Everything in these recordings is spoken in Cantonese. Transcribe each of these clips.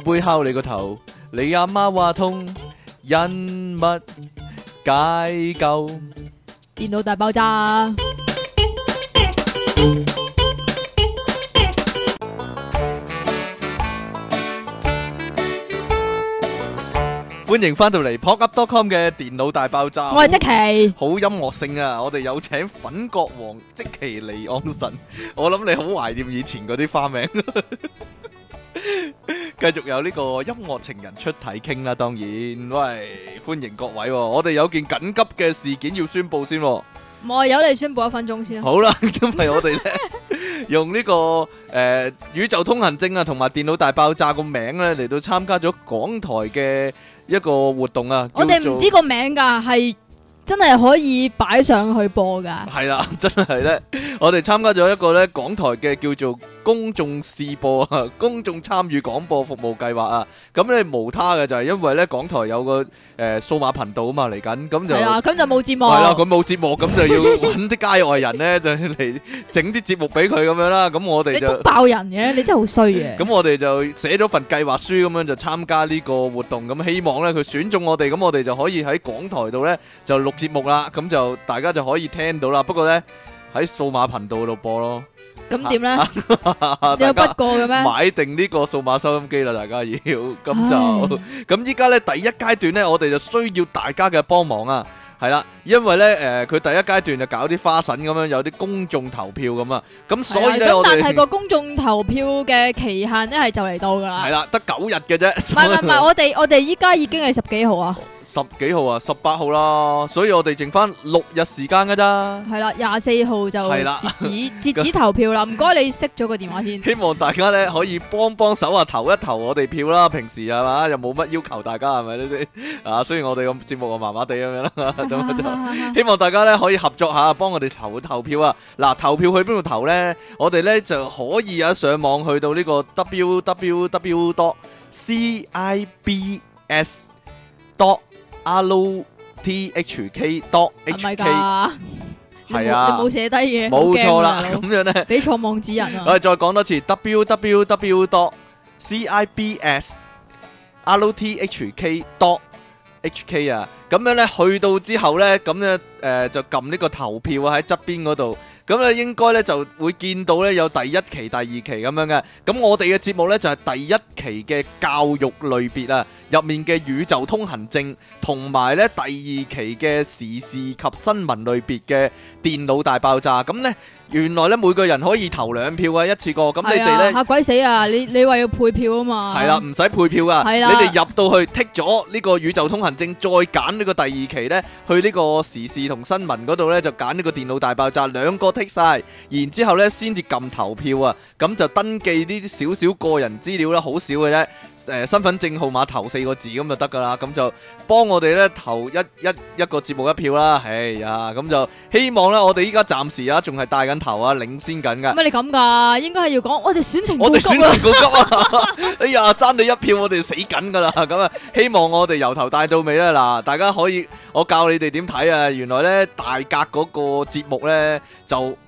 杯敲你個頭，你阿媽話痛，因乜解救？電腦大爆炸！歡迎返到嚟 pogup.com 嘅電腦大爆炸。我係積淇，好音樂性啊！我哋有請粉國王積淇離岸神，我諗你好懷念以前嗰啲花名。繼續有呢個音樂情人出體傾啦，當然，喂，歡迎各位，哦，我哋有件緊急嘅事件要宣布先，哦，冇啊，由你宣布一分鐘先。好啦，今日我哋咧 用呢、這個誒、呃、宇宙通行證啊，同埋電腦大爆炸個名咧嚟到參加咗港台嘅一個活動啊，我哋唔知個名噶係。真係可以擺上去播噶，係啦，真係咧。我哋參加咗一個咧港台嘅叫做公眾試播啊，公眾參與廣播服務計劃啊。咁咧無他嘅就係因為咧港台有個誒數碼頻道啊嘛嚟緊，咁就係啦，咁就冇節目，係啦，佢冇節目，咁就要揾啲街外人咧就嚟整啲節目俾佢咁樣啦。咁我哋就爆人嘅，你真係好衰嘅。咁我哋就寫咗份計劃書咁樣就參加呢個活動，咁希望咧佢選中我哋，咁我哋就可以喺港台度咧就錄。節目啦，咁就大家就可以聽到啦。不過咧，喺數碼頻道度播咯。咁點咧？有不過嘅咩？買定呢個數碼收音機啦，大家要。咁就咁依家咧，第一階段咧，我哋就需要大家嘅幫忙啊。係啦，因為咧，誒，佢第一階段就搞啲花神咁樣，有啲公眾投票咁啊。咁所以咧，咁但係個公眾投票嘅期限咧，係就嚟到噶啦。係啦，得九日嘅啫。唔係唔係，我哋我哋依家已經係十幾號啊。十幾號啊，十八號啦，所以我哋剩翻六日時間噶咋？係啦，廿四號就截止啦截止投票啦。唔該，你熄咗個電話先。希望大家咧可以幫幫手啊，投一投我哋票啦。平時係嘛又冇乜要求，大家係咪呢先？ 啊，雖然我哋個節目啊麻麻地咁樣啦，咁就希望大家咧可以合作下，幫我哋投投票啊。嗱、啊，投票去邊度投呢？我哋咧就可以啊，上網，上網上去到呢個 www 多 cibs 多。l o t h k .dot h k 係啊，你冇寫低嘢，冇錯啦。咁樣咧，俾錯網址人啊！我哋再講多次，w w w .dot c i b s l o t h k .dot h k 啊。咁樣咧，去到之後咧，咁樣咧，誒，就撳呢個投票喺側邊嗰度。咁咧應該咧就會見到咧有第一期、第二期咁樣嘅。咁我哋嘅節目呢，就係第一期嘅教育類別啊，入面嘅宇宙通行證，同埋咧第二期嘅時事及新聞類別嘅電腦大爆炸。咁呢。原來咧每個人可以投兩票啊一次過，咁你哋咧吓鬼死啊！死你你話要配票啊嘛？係啦、啊，唔使配票噶，啊、你哋入到去剔咗呢個宇宙通行證，再揀呢個第二期咧，去呢個時事同新聞嗰度咧就揀呢個電腦大爆炸兩個剔晒，然之後咧先至撳投票啊，咁就登記呢啲少少個人資料啦，好少嘅啫。誒、呃，身份證號碼頭四個字咁就得噶啦，咁就幫我哋咧投一一一個節目一票啦，哎呀，咁就希望咧我哋依家暫時啊仲係帶緊頭啊領先緊噶。乜你咁噶？應該係要講我哋選情告急啊！哎呀，爭你一票我哋死緊噶啦，咁啊希望我哋由頭帶到尾啦。嗱，大家可以我教你哋點睇啊，原來咧大格嗰個節目咧就。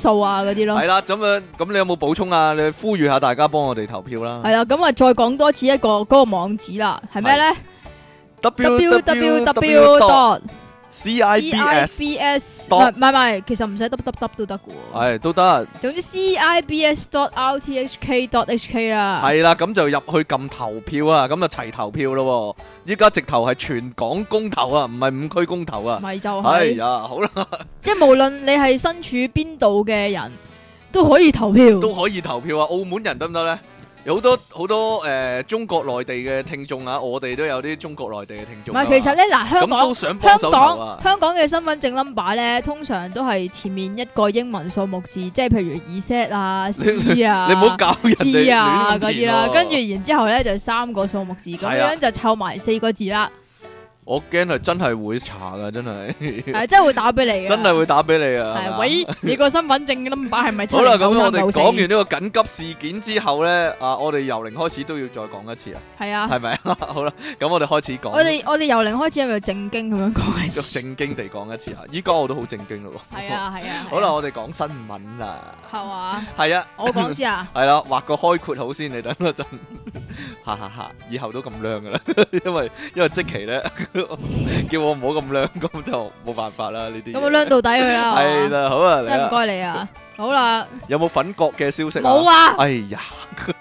數啊嗰啲咯，係 啦，咁樣，咁你有冇補充啊？你呼籲下大家幫我哋投票啦。係啦，咁啊再講多次一個嗰個網址啦，係咩咧？www.dot CIBS 唔係唔係，其實唔使，得得得都得嘅喎。係都得。總之 CIBS dot RTHK dot HK 啊。係啦，咁就入去撳投票啊，咁就齊投票咯。依家直頭係全港公投啊，唔係五區公投啊。咪就係、是哎、呀，好啦。即係無論你係身處邊度嘅人都可以投票， 都可以投票啊！澳門人得唔得咧？有好多好多誒、呃、中國內地嘅聽眾啊！我哋都有啲中國內地嘅聽眾、啊。唔係，其實咧嗱、呃，香港香港香港嘅身份證 number 咧，通常都係前面一個英文數目字，即係譬如 E 啊、C 啊、Z 啊嗰啲啦。跟住然之後咧，就三個數目字，咁樣就湊埋四個字啦。我驚係真係會查噶，真係係 真係會打俾你嘅。 真係會打俾你啊！喂是，吧你個身份證都唔擺係咪？好啦，咁我哋講完呢個緊急事件之後咧，啊，我哋由零開始都要再講一次是啊是吧！係 啊，係咪好啦，咁我哋開始講。我哋我哋由零開始係咪正經咁樣講一次？正經地講一次咦啊！依家我都好正經咯，係啊係啊！啊 好啦，我哋講新聞啊，係啊！係啊，我講先啊！係啦、啊，畫個開闊好先，你等一陣，哈哈哈！以後都咁靚噶啦，因為因為積淇咧。 叫我唔好咁孭，咁 就冇辦法啦。呢啲有冇孭到底佢啦，係啦，好啊，真唔該你啊，好啦。有冇粉國嘅消息？冇啊。哎呀，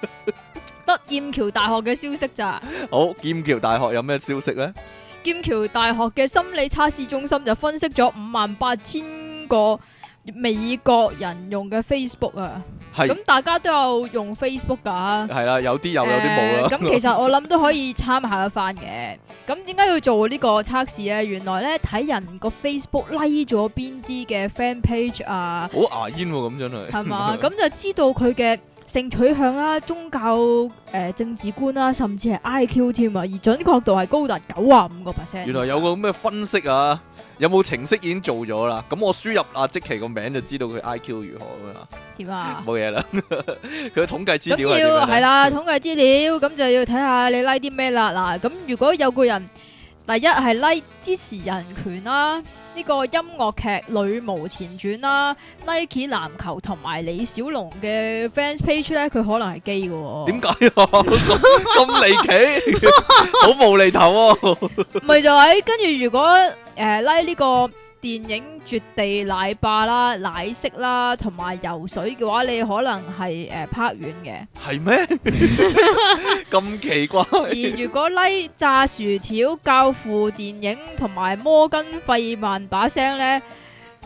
得劍橋大學嘅消息咋？好，劍橋大學有咩消息咧？劍橋大學嘅心理測試中心就分析咗五萬八千個。美國人用嘅 Facebook 啊，咁是 大家都有用 Facebook 㗎、啊，係啦、啊，有啲有，有啲冇啦。咁其實我諗都可以參考一,一番嘅。咁點解要做呢個測試咧？原來咧，睇人個 f a c e b o o k l、like、咗邊啲嘅 fan page 啊，好牙煙喎、啊，咁真係，係嘛？咁就知道佢嘅。性取向啦、宗教、誒政治觀啦，甚至係 IQ 添啊，而準確度係高達九啊五個 percent。原來有個咁嘅分析啊，有冇程式已經做咗啦？咁我輸入阿積淇個名就知道佢 IQ 如何咁啊？點啊？冇嘢啦，佢統計資料係啦，統計資料咁就要睇下你拉啲咩啦。嗱，咁如果有個人第一係拉支持人權啦。呢個音樂劇《女巫前傳》啦、啊、Nike 籃球同埋李小龍嘅 fans page 咧，佢可能係基㗎，點解啊？咁離奇， 好無厘頭喎。唔係就係跟住，如果誒拉呢個。電影《絕地奶霸》啦、奶昔啦，同埋游水嘅話，你可能係誒、呃、拍遠嘅。係咩？咁奇怪。而如果拉、like, 炸薯條教父電影同埋摩根費曼把聲呢？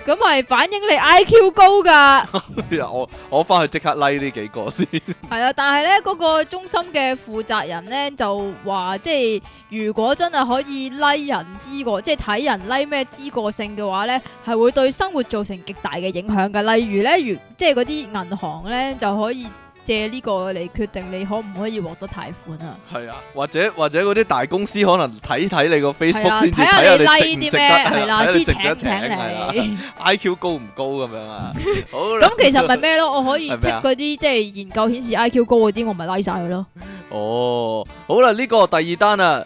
咁係反映你 IQ 高噶， 我我翻去即刻拉、like、呢幾個先。係啊，但係咧，嗰個中心嘅負責人咧就話，即係如果真係可以拉人知個，即係睇人拉咩知個性嘅話咧，係會對生活造成極大嘅影響嘅。例如咧，如即係嗰啲銀行咧就可以。借呢個嚟決定你可唔可以獲得貸款啊？係啊，或者或者嗰啲大公司可能睇睇你個 Facebook 先睇下、啊、你拉啲咩？得，係啦、啊，先請、啊啊、請你。IQ 高唔高咁樣啊？ 好啦，咁其實咪咩咯？我可以篩嗰啲即係研究顯示 IQ 高嗰啲，我咪拉晒佢咯。哦，好啦，呢、呢個第二單啊。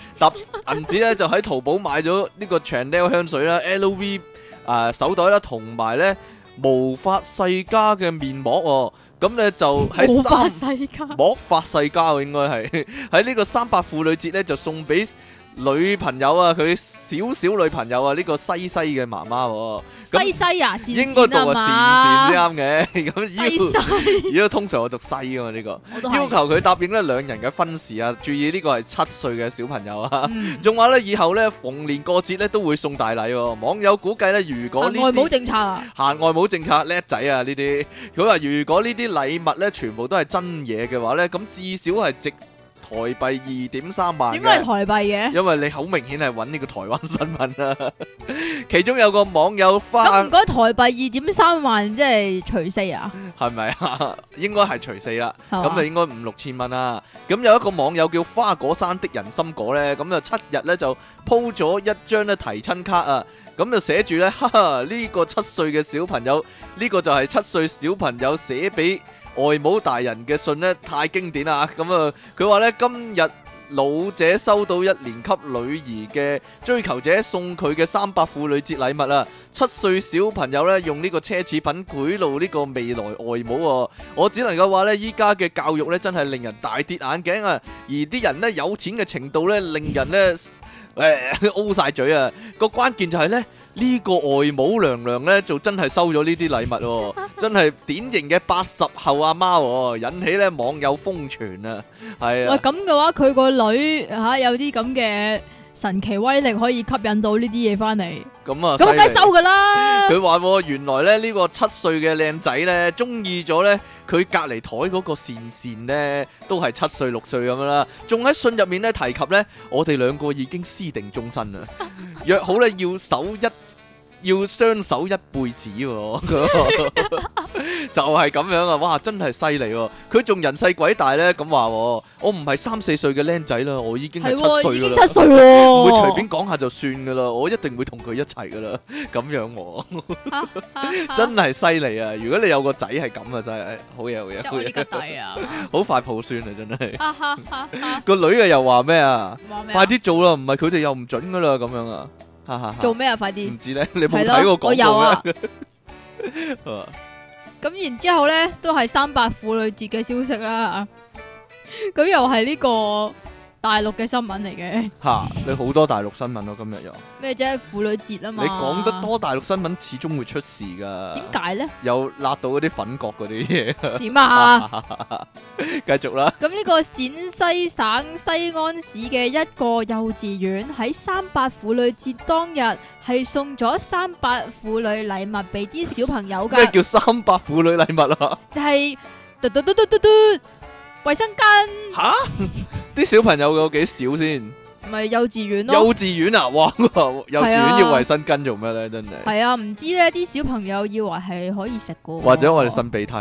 揼銀紙咧就喺淘寶買咗呢個 Chanel 香水啦、LOV 啊、呃、手袋啦，同埋咧無法世家嘅面膜喎、哦。咁咧就喺魔法世家，魔法世家應該係喺呢個三八婦女節咧就送俾女朋友啊，佢少少女朋友啊，呢、這個西西嘅媽媽、啊，嗯、西西啊，應該讀啊，茜茜先啱嘅。咁如果通常我讀西啊，嘛、這個。呢個要求佢答應呢兩人嘅婚事啊，注意呢個係七歲嘅小朋友啊，仲話、嗯、呢，以後呢逢年過節呢都會送大禮、啊。網友估計呢，如果外母政策、啊、行外母政策叻仔啊，呢啲佢話如果呢啲禮物呢全部都係真嘢嘅話呢，咁至少係值。台幣二點三萬，點解係台幣嘅？因為你好明顯係揾呢個台灣新聞啊。 其中有個網友花，咁唔該台幣二點三萬，即係除四啊？係咪啊？ 應該係除四啦，咁吧就應該五六千蚊啦。咁有一個網友叫花果山的人參果呢，咁就七日呢就鋪咗一張咧提親卡啊，咁就寫住咧，呢、這個七歲嘅小朋友，呢、這個就係七歲小朋友寫俾。外母大人嘅信呢，太經典啦，咁啊佢話呢，今日老者收到一年級女兒嘅追求者送佢嘅三百婦女節禮物啦，七歲小朋友呢，用呢個奢侈品賄賂呢個未來外母喎，我只能夠話呢，依家嘅教育呢，真係令人大跌眼鏡啊，而啲人呢，有錢嘅程度呢，令人呢。誒，O 晒嘴啊！個關鍵就係咧，呢個外母娘娘咧，就真係收咗呢啲禮物，哦， 真係典型嘅八十後阿媽，哦，引起咧網友瘋傳啊！係啊，咁嘅話，佢個女吓有啲咁嘅。神奇威力可以吸引到呢啲嘢翻嚟，咁啊，咁梗係收噶啦！佢話原來咧呢個七歲嘅靚仔咧，中意咗咧佢隔籬台嗰個善善咧，都係七歲六歲咁樣啦，仲喺信入面咧提及咧，我哋兩個已經私定終身啦，約好咧要守一。 要相守一輩子，哦， 就係咁樣啊！哇，真係犀利！佢仲人細鬼大咧，咁話我唔係三四歲嘅僆仔啦，我已經係七歲啦，唔、哦、 會隨便講下就算噶啦，我一定會同佢一齊噶啦，咁樣我、啊、 真係犀利啊！如果你有個仔係咁啊，真係好有嘢，好有啊，好 快抱孫啊，真係 個女啊又話咩啊？快啲做啦，唔係佢哋又唔准噶啦，咁樣啊！哈哈，做咩啊？快啲！唔知咧，你冇睇個廣告咧。我有啊。咁然之後咧，都係三八婦女節嘅消息啦。咁 又係呢、這個。大陸嘅新聞嚟嘅，吓，你好多大陸新聞咯，今日又咩啫？婦女節啊嘛，你講得多大陸新聞，始終會出事噶。點解咧？有辣到嗰啲粉葛嗰啲嘢。點啊？繼 續啦。咁呢個陝西省西安市嘅一個幼稚園喺三八婦女節當日係送咗三八婦女禮物俾啲小朋友噶。咩叫三八婦女禮物啊？就係嘟嘟嘟嘟嘟嘟衛生巾。吓！啲小朋友有幾少先？唔係幼稚園咯，幼稚園啊！哇，幼稚園、啊、要衛生巾做咩咧？真係係啊，唔知咧，啲小朋友以為係可以食個，或者我哋擤鼻涕，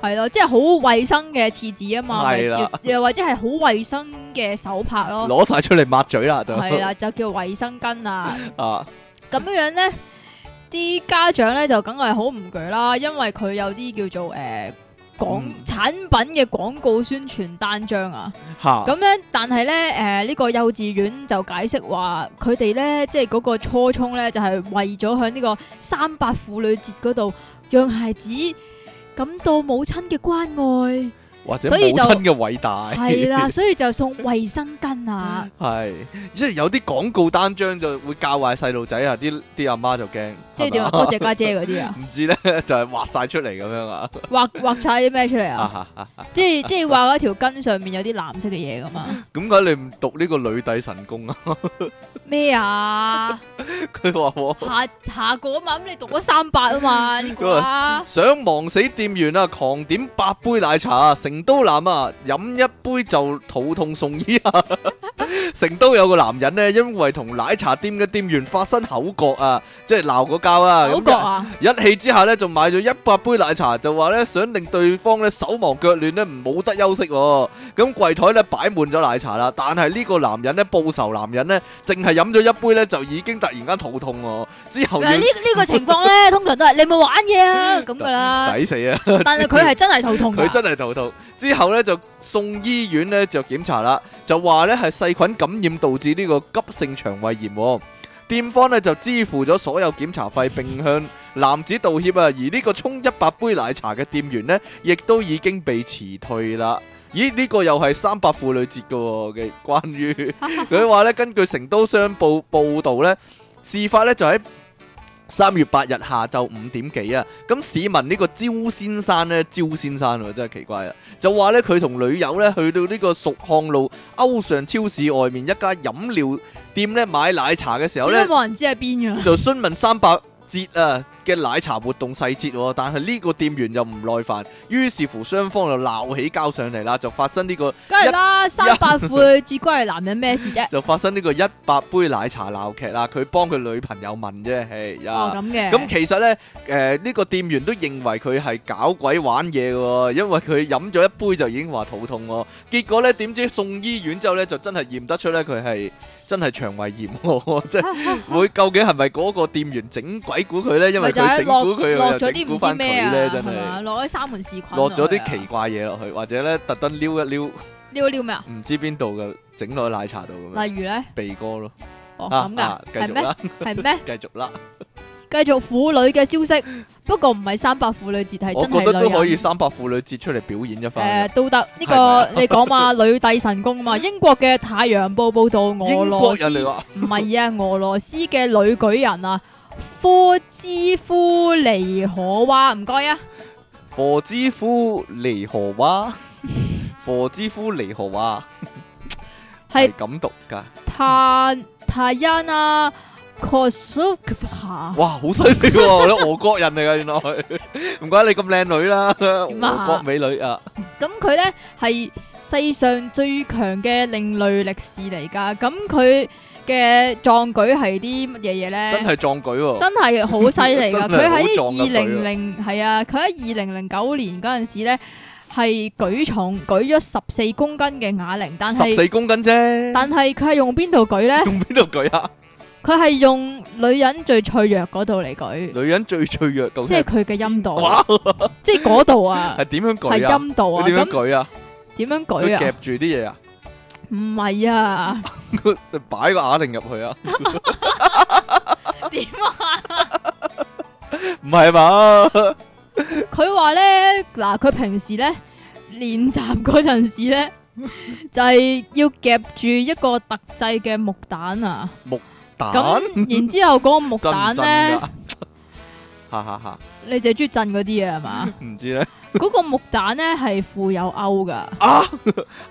係 咯、啊，即係好衛生嘅廁紙啊嘛，係啦、啊，又或者係好衛生嘅手帕咯，攞晒 出嚟抹嘴啦，就係啦、啊，就叫衛生巾啊 啊！咁樣樣咧，啲家長咧就梗係好唔舉啦，因為佢有啲叫做誒。呃廣產品嘅廣告宣傳單張啊，咁樣哈，但係咧，誒、呃，呢、這個幼稚園就解釋話，佢哋咧，即係嗰個初衷咧，就係為咗喺呢個三八婦女節嗰度，讓孩子感到母親嘅關愛。或者母親嘅偉大係啦，所以就送衛生巾啊，係。即係有啲廣告單張就會教壞細路仔啊，啲啲阿媽就驚，即係點啊？多謝家姐嗰啲啊，唔知咧，就係畫曬出嚟咁樣啊，畫畫曬啲咩出嚟啊？即係即係畫嗰條巾上面有啲藍色嘅嘢咁啊？點解你唔讀呢個女帝神功啊？咩啊？佢話我下下個啊嘛，咁你讀咗三百啊嘛，呢個想忙死店員啊，狂點八杯奶茶啊，成。成都男啊，飲一杯就肚痛送醫啊！成都有個男人呢，因為同奶茶店嘅店員發生口角啊，即係鬧個交啦，口角啊！一氣之下呢，就買咗一百杯奶茶，就話呢想令對方呢手忙腳亂呢，唔冇得休息。咁櫃台呢擺滿咗奶茶啦，但係呢個男人呢報仇男人呢，淨係飲咗一杯呢就已經突然間肚痛。之後呢個情況呢，通常都係你冇玩嘢啊咁噶啦，抵死啊！但係佢係真係肚痛，佢真係肚痛。之後咧就送醫院咧就檢查啦，就話咧係細菌感染導致呢個急性腸胃炎。店方呢，就支付咗所有檢查費，並向男子道歉啊。而呢個沖一百杯奶茶嘅店員呢，亦都已經被辭退啦。咦？呢、這個又係三百婦女節嘅、哦。關於佢話咧，根據成都商報報道呢，事發咧就喺。三月八日下晝五點幾啊，咁市民呢個焦先生呢，焦先生喎、啊，真係奇怪啊！就話呢，佢同女友呢去到呢個蜀漢路歐尚超市外面一家飲料店呢買奶茶嘅時候呢，冇人知係邊樣，就詢問三百折啊！嘅奶茶活動細節、哦，但係呢個店員又唔耐煩，於是乎雙方就鬧起交上嚟啦，就發生呢個，梗係啦，三八婦女節關係男人咩事啫？ 就發生呢個一百杯奶茶鬧劇啦，佢幫佢女朋友問啫，啊、哦咁嘅，咁、嗯、其實呢，誒、呃、呢、這個店員都認為佢係搞鬼玩嘢嘅，因為佢飲咗一杯就已經話肚痛，結果呢，點知送醫院之後呢，就真係驗得出呢，佢係真係腸胃炎，即係會究竟係咪嗰個店員整鬼估佢呢？因為，因為落咗啲唔知咩啊？真係落咗沙門氏菌，落咗啲奇怪嘢落去，或者咧特登撩一撩，撩一撩咩啊？唔知邊度嘅，整落去奶茶度咁。例如咧，鼻哥咯。哦，咁噶？係咩？係咩？繼續啦，繼續婦女嘅消息，不過唔係三八婦女節，係真係女人。我覺得都可以三八婦女節出嚟表演一番。誒，都得呢個你講嘛，女帝神功啊嘛。英國嘅太陽報報道，俄羅斯唔係啊，俄羅斯嘅女舉人啊。佛之夫尼河蛙，唔該啊！佛之夫尼河蛙，佛之夫尼河蛙，係咁 是讀噶？嘆泰因啊，科蘇哇，好犀利喎！俄國人嚟噶， 原來唔怪你咁靚女啦，啊，俄國美女啊！咁佢咧係世上最強嘅另類歷史嚟噶，咁佢。嘅壯舉係啲乜嘢嘢咧真係壯舉喎！真係好犀利㗎！佢喺二零零係啊，佢喺二零零九年嗰陣時咧係舉重舉咗十四公斤嘅啞鈴，但係十四公斤啫。但係佢係用邊度舉咧？用邊度舉啊？佢係用女人最脆弱嗰度嚟舉。女人最脆弱嗰度，即係佢嘅陰道，即係嗰度啊！係點樣舉啊？係陰道啊？點樣舉啊？點樣舉啊？夾住啲嘢啊！唔係啊！擺 個啞鈴入去啊？點 樣啊？唔係嘛，佢話咧，嗱，佢平時咧練習嗰陣時咧，就係、是、要夾住一個特製嘅木蛋啊，木蛋。咁然之後嗰個木蛋咧。正 哈哈哈！你就係中意震嗰啲嘢係嘛？唔知咧。嗰 個木蛋咧係富有勾噶。啊！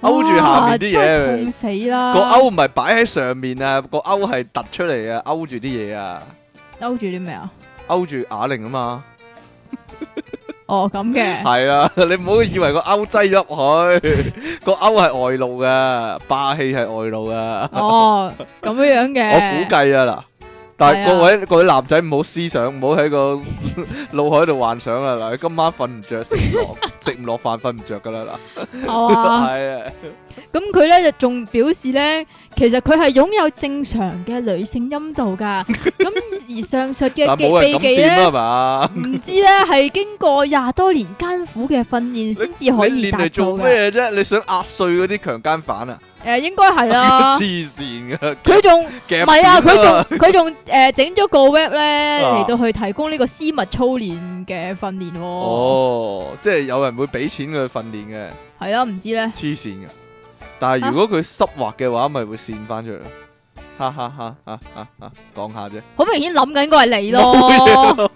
勾 住下面啲嘢。痛死啦！個勾唔係擺喺上面啊，個勾係突出嚟啊，勾住啲嘢啊。勾住啲咩啊？勾住啞鈴啊嘛。 哦，咁嘅。係啊，你唔好以為個勾擠入去，個勾係外露噶，霸氣係外露噶。 哦，咁樣樣嘅。我估計啊嗱。啦但係各位、啊、各位男仔唔好思想，唔好喺個腦 海度幻想啊！嗱，今晚瞓唔着，食唔落，食唔落飯，瞓唔着噶啦嗱。係啊，咁佢咧就仲表示咧。其實佢係擁有正常嘅女性陰道噶，咁 而上述嘅秘技咧，唔知咧係 經過廿多年艱苦嘅訓練先至可以達到嘅。你練嚟做咩啫？你， 你想壓碎嗰啲強姦犯、呃、啊？誒，應該係啦。黐線嘅，佢仲唔係啊？佢仲佢仲誒整咗個 Web 咧嚟到去提供呢個私密操練嘅訓練。哦，即係有人會俾錢佢訓練嘅。係、嗯、啊，唔知咧。黐線嘅。但係如果佢濕滑嘅話，咪會跣翻出嚟，哈哈哈啊啊啊，講下啫。好明顯諗緊個係你咯。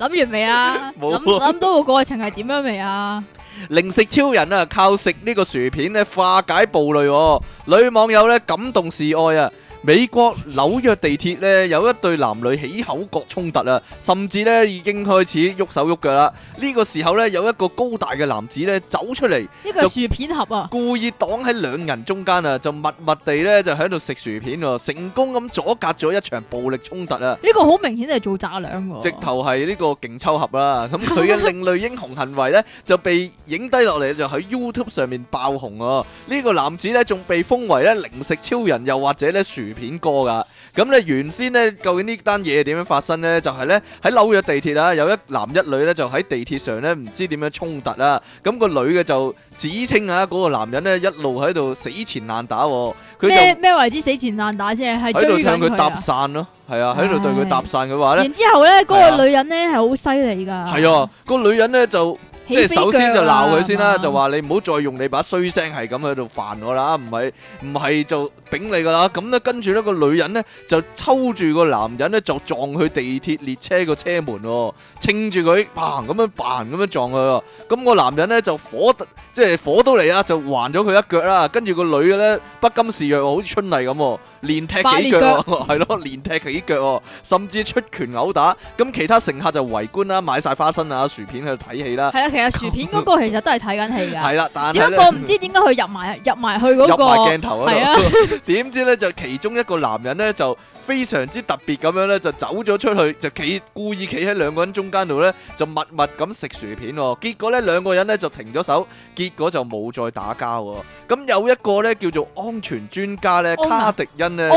諗完未啊？諗諗到個過程係點樣未啊？零食超人啊，靠食呢個薯片咧化解暴戾。女網友咧感動示愛啊！美國紐約地鐵咧，有一對男女起口角衝突啊，甚至咧已經開始喐手喐腳啦。呢個時候咧，有一個高大嘅男子咧走出嚟，呢個係薯片盒啊，故意擋喺兩人中間啊，就默默地咧就喺度食薯片啊，成功咁阻隔咗一場暴力衝突啊。呢個好明顯係做炸兩，直頭係呢個勁抽盒啦。咁佢嘅另類英雄行為咧就被影低落嚟，就喺 YouTube 上面爆紅啊。呢個男子咧仲被封為咧零食超人，又或者咧薯。片歌噶，咁咧原先咧，究竟呢單嘢點樣發生咧？就係咧喺紐約地鐵啦，有一男一女咧就喺地鐵上咧，唔知點樣衝突啦。咁個女嘅就指稱啊，嗰個男人咧一路喺度死纏爛打，佢就咩咩為之死纏爛打先係喺度向佢搭訕咯，係啊，喺度對佢搭訕嘅話咧。然之後咧，嗰個女人咧係好犀利噶，係啊，個女人咧就。即係首先就鬧佢先啦，嗯、就話你唔好再用你把衰聲係咁喺度煩我啦，唔係唔係就丙你噶啦。咁咧跟住呢，呢、個女人呢，就抽住個男人呢，就撞去地鐵列車個車門，哦，稱住佢砰咁樣砰咁樣撞佢，哦。咁個男人呢，就火即係火都嚟啦，就還咗佢一腳啦。跟住個女嘅呢，不甘示弱，好似春麗咁，連踢幾腳，哦，係咯， 連踢幾腳，哦，甚至出拳毆打。咁其他乘客就圍觀啦，買晒花生啊薯片喺度睇戲啦。 薯片嗰個其實都係睇緊戲嘅，係啦，但係咧，只不過唔知點解佢入埋入埋去嗰個鏡頭嗰度，點知咧就其中一個男人咧就非常之特別咁樣咧就走咗出去，就企故意企喺兩個人中間度咧就默默咁食薯片。結果咧兩個人咧就停咗手，結果就冇再打交。咁有一個咧叫做安全專家咧卡迪恩咧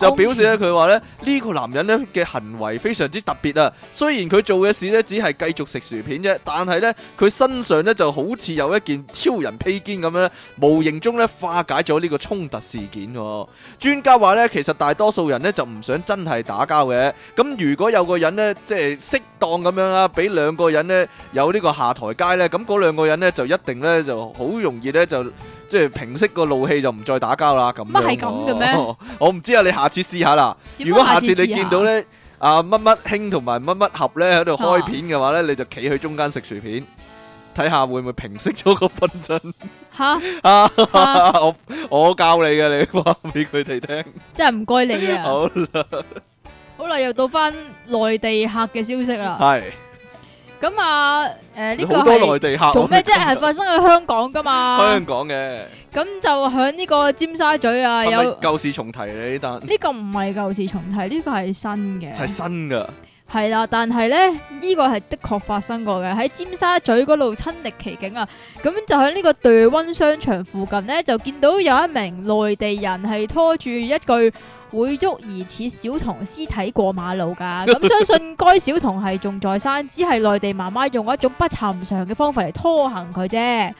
就表示咧佢話咧呢個男人咧嘅行為非常之特別啊。雖然佢做嘅事咧只係繼續食薯片啫，但係咧。佢身上咧就好似有一件超人披肩咁樣咧，無形中咧化解咗呢個衝突事件，哦。專家話咧，其實大多數人咧就唔想真係打交嘅。咁如果有個人咧，即係適當咁樣啦，俾兩個人咧有呢個下台階咧，咁嗰兩個人咧就一定咧就好容易咧就即係平息個怒氣，就唔再打交啦。咁乜係咁嘅咩？ 我唔知啊，你下次試下啦。如果下次你見到咧，啊乜乜兄同埋乜乜俠咧喺度開片嘅話咧，啊、你就企喺中間食薯片，睇下會唔會平息咗個紛爭？吓！啊！我我教你嘅，你話俾佢哋聽。真係唔該你啊！ 好啦， 好啦，又到翻內地客嘅消息啦。係。咁啊，誒、呃，呢個內地客做咩啫？係、啊、 發生喺香港噶嘛？香港嘅，咁就喺呢個尖沙咀啊，有舊事重提呢單。呢個唔係舊事重提，呢、這個係新嘅。係新噶。係啦、啊，但係咧，呢、這個係的確發生過嘅，喺尖沙咀嗰度親歷其境啊。咁就喺呢個對溫商場附近呢，就見到有一名內地人係拖住一句。會捉疑似小童屍體過馬路噶，咁相信該小童係仲在生，只係內地媽媽用一種不尋常嘅方法嚟拖行佢啫，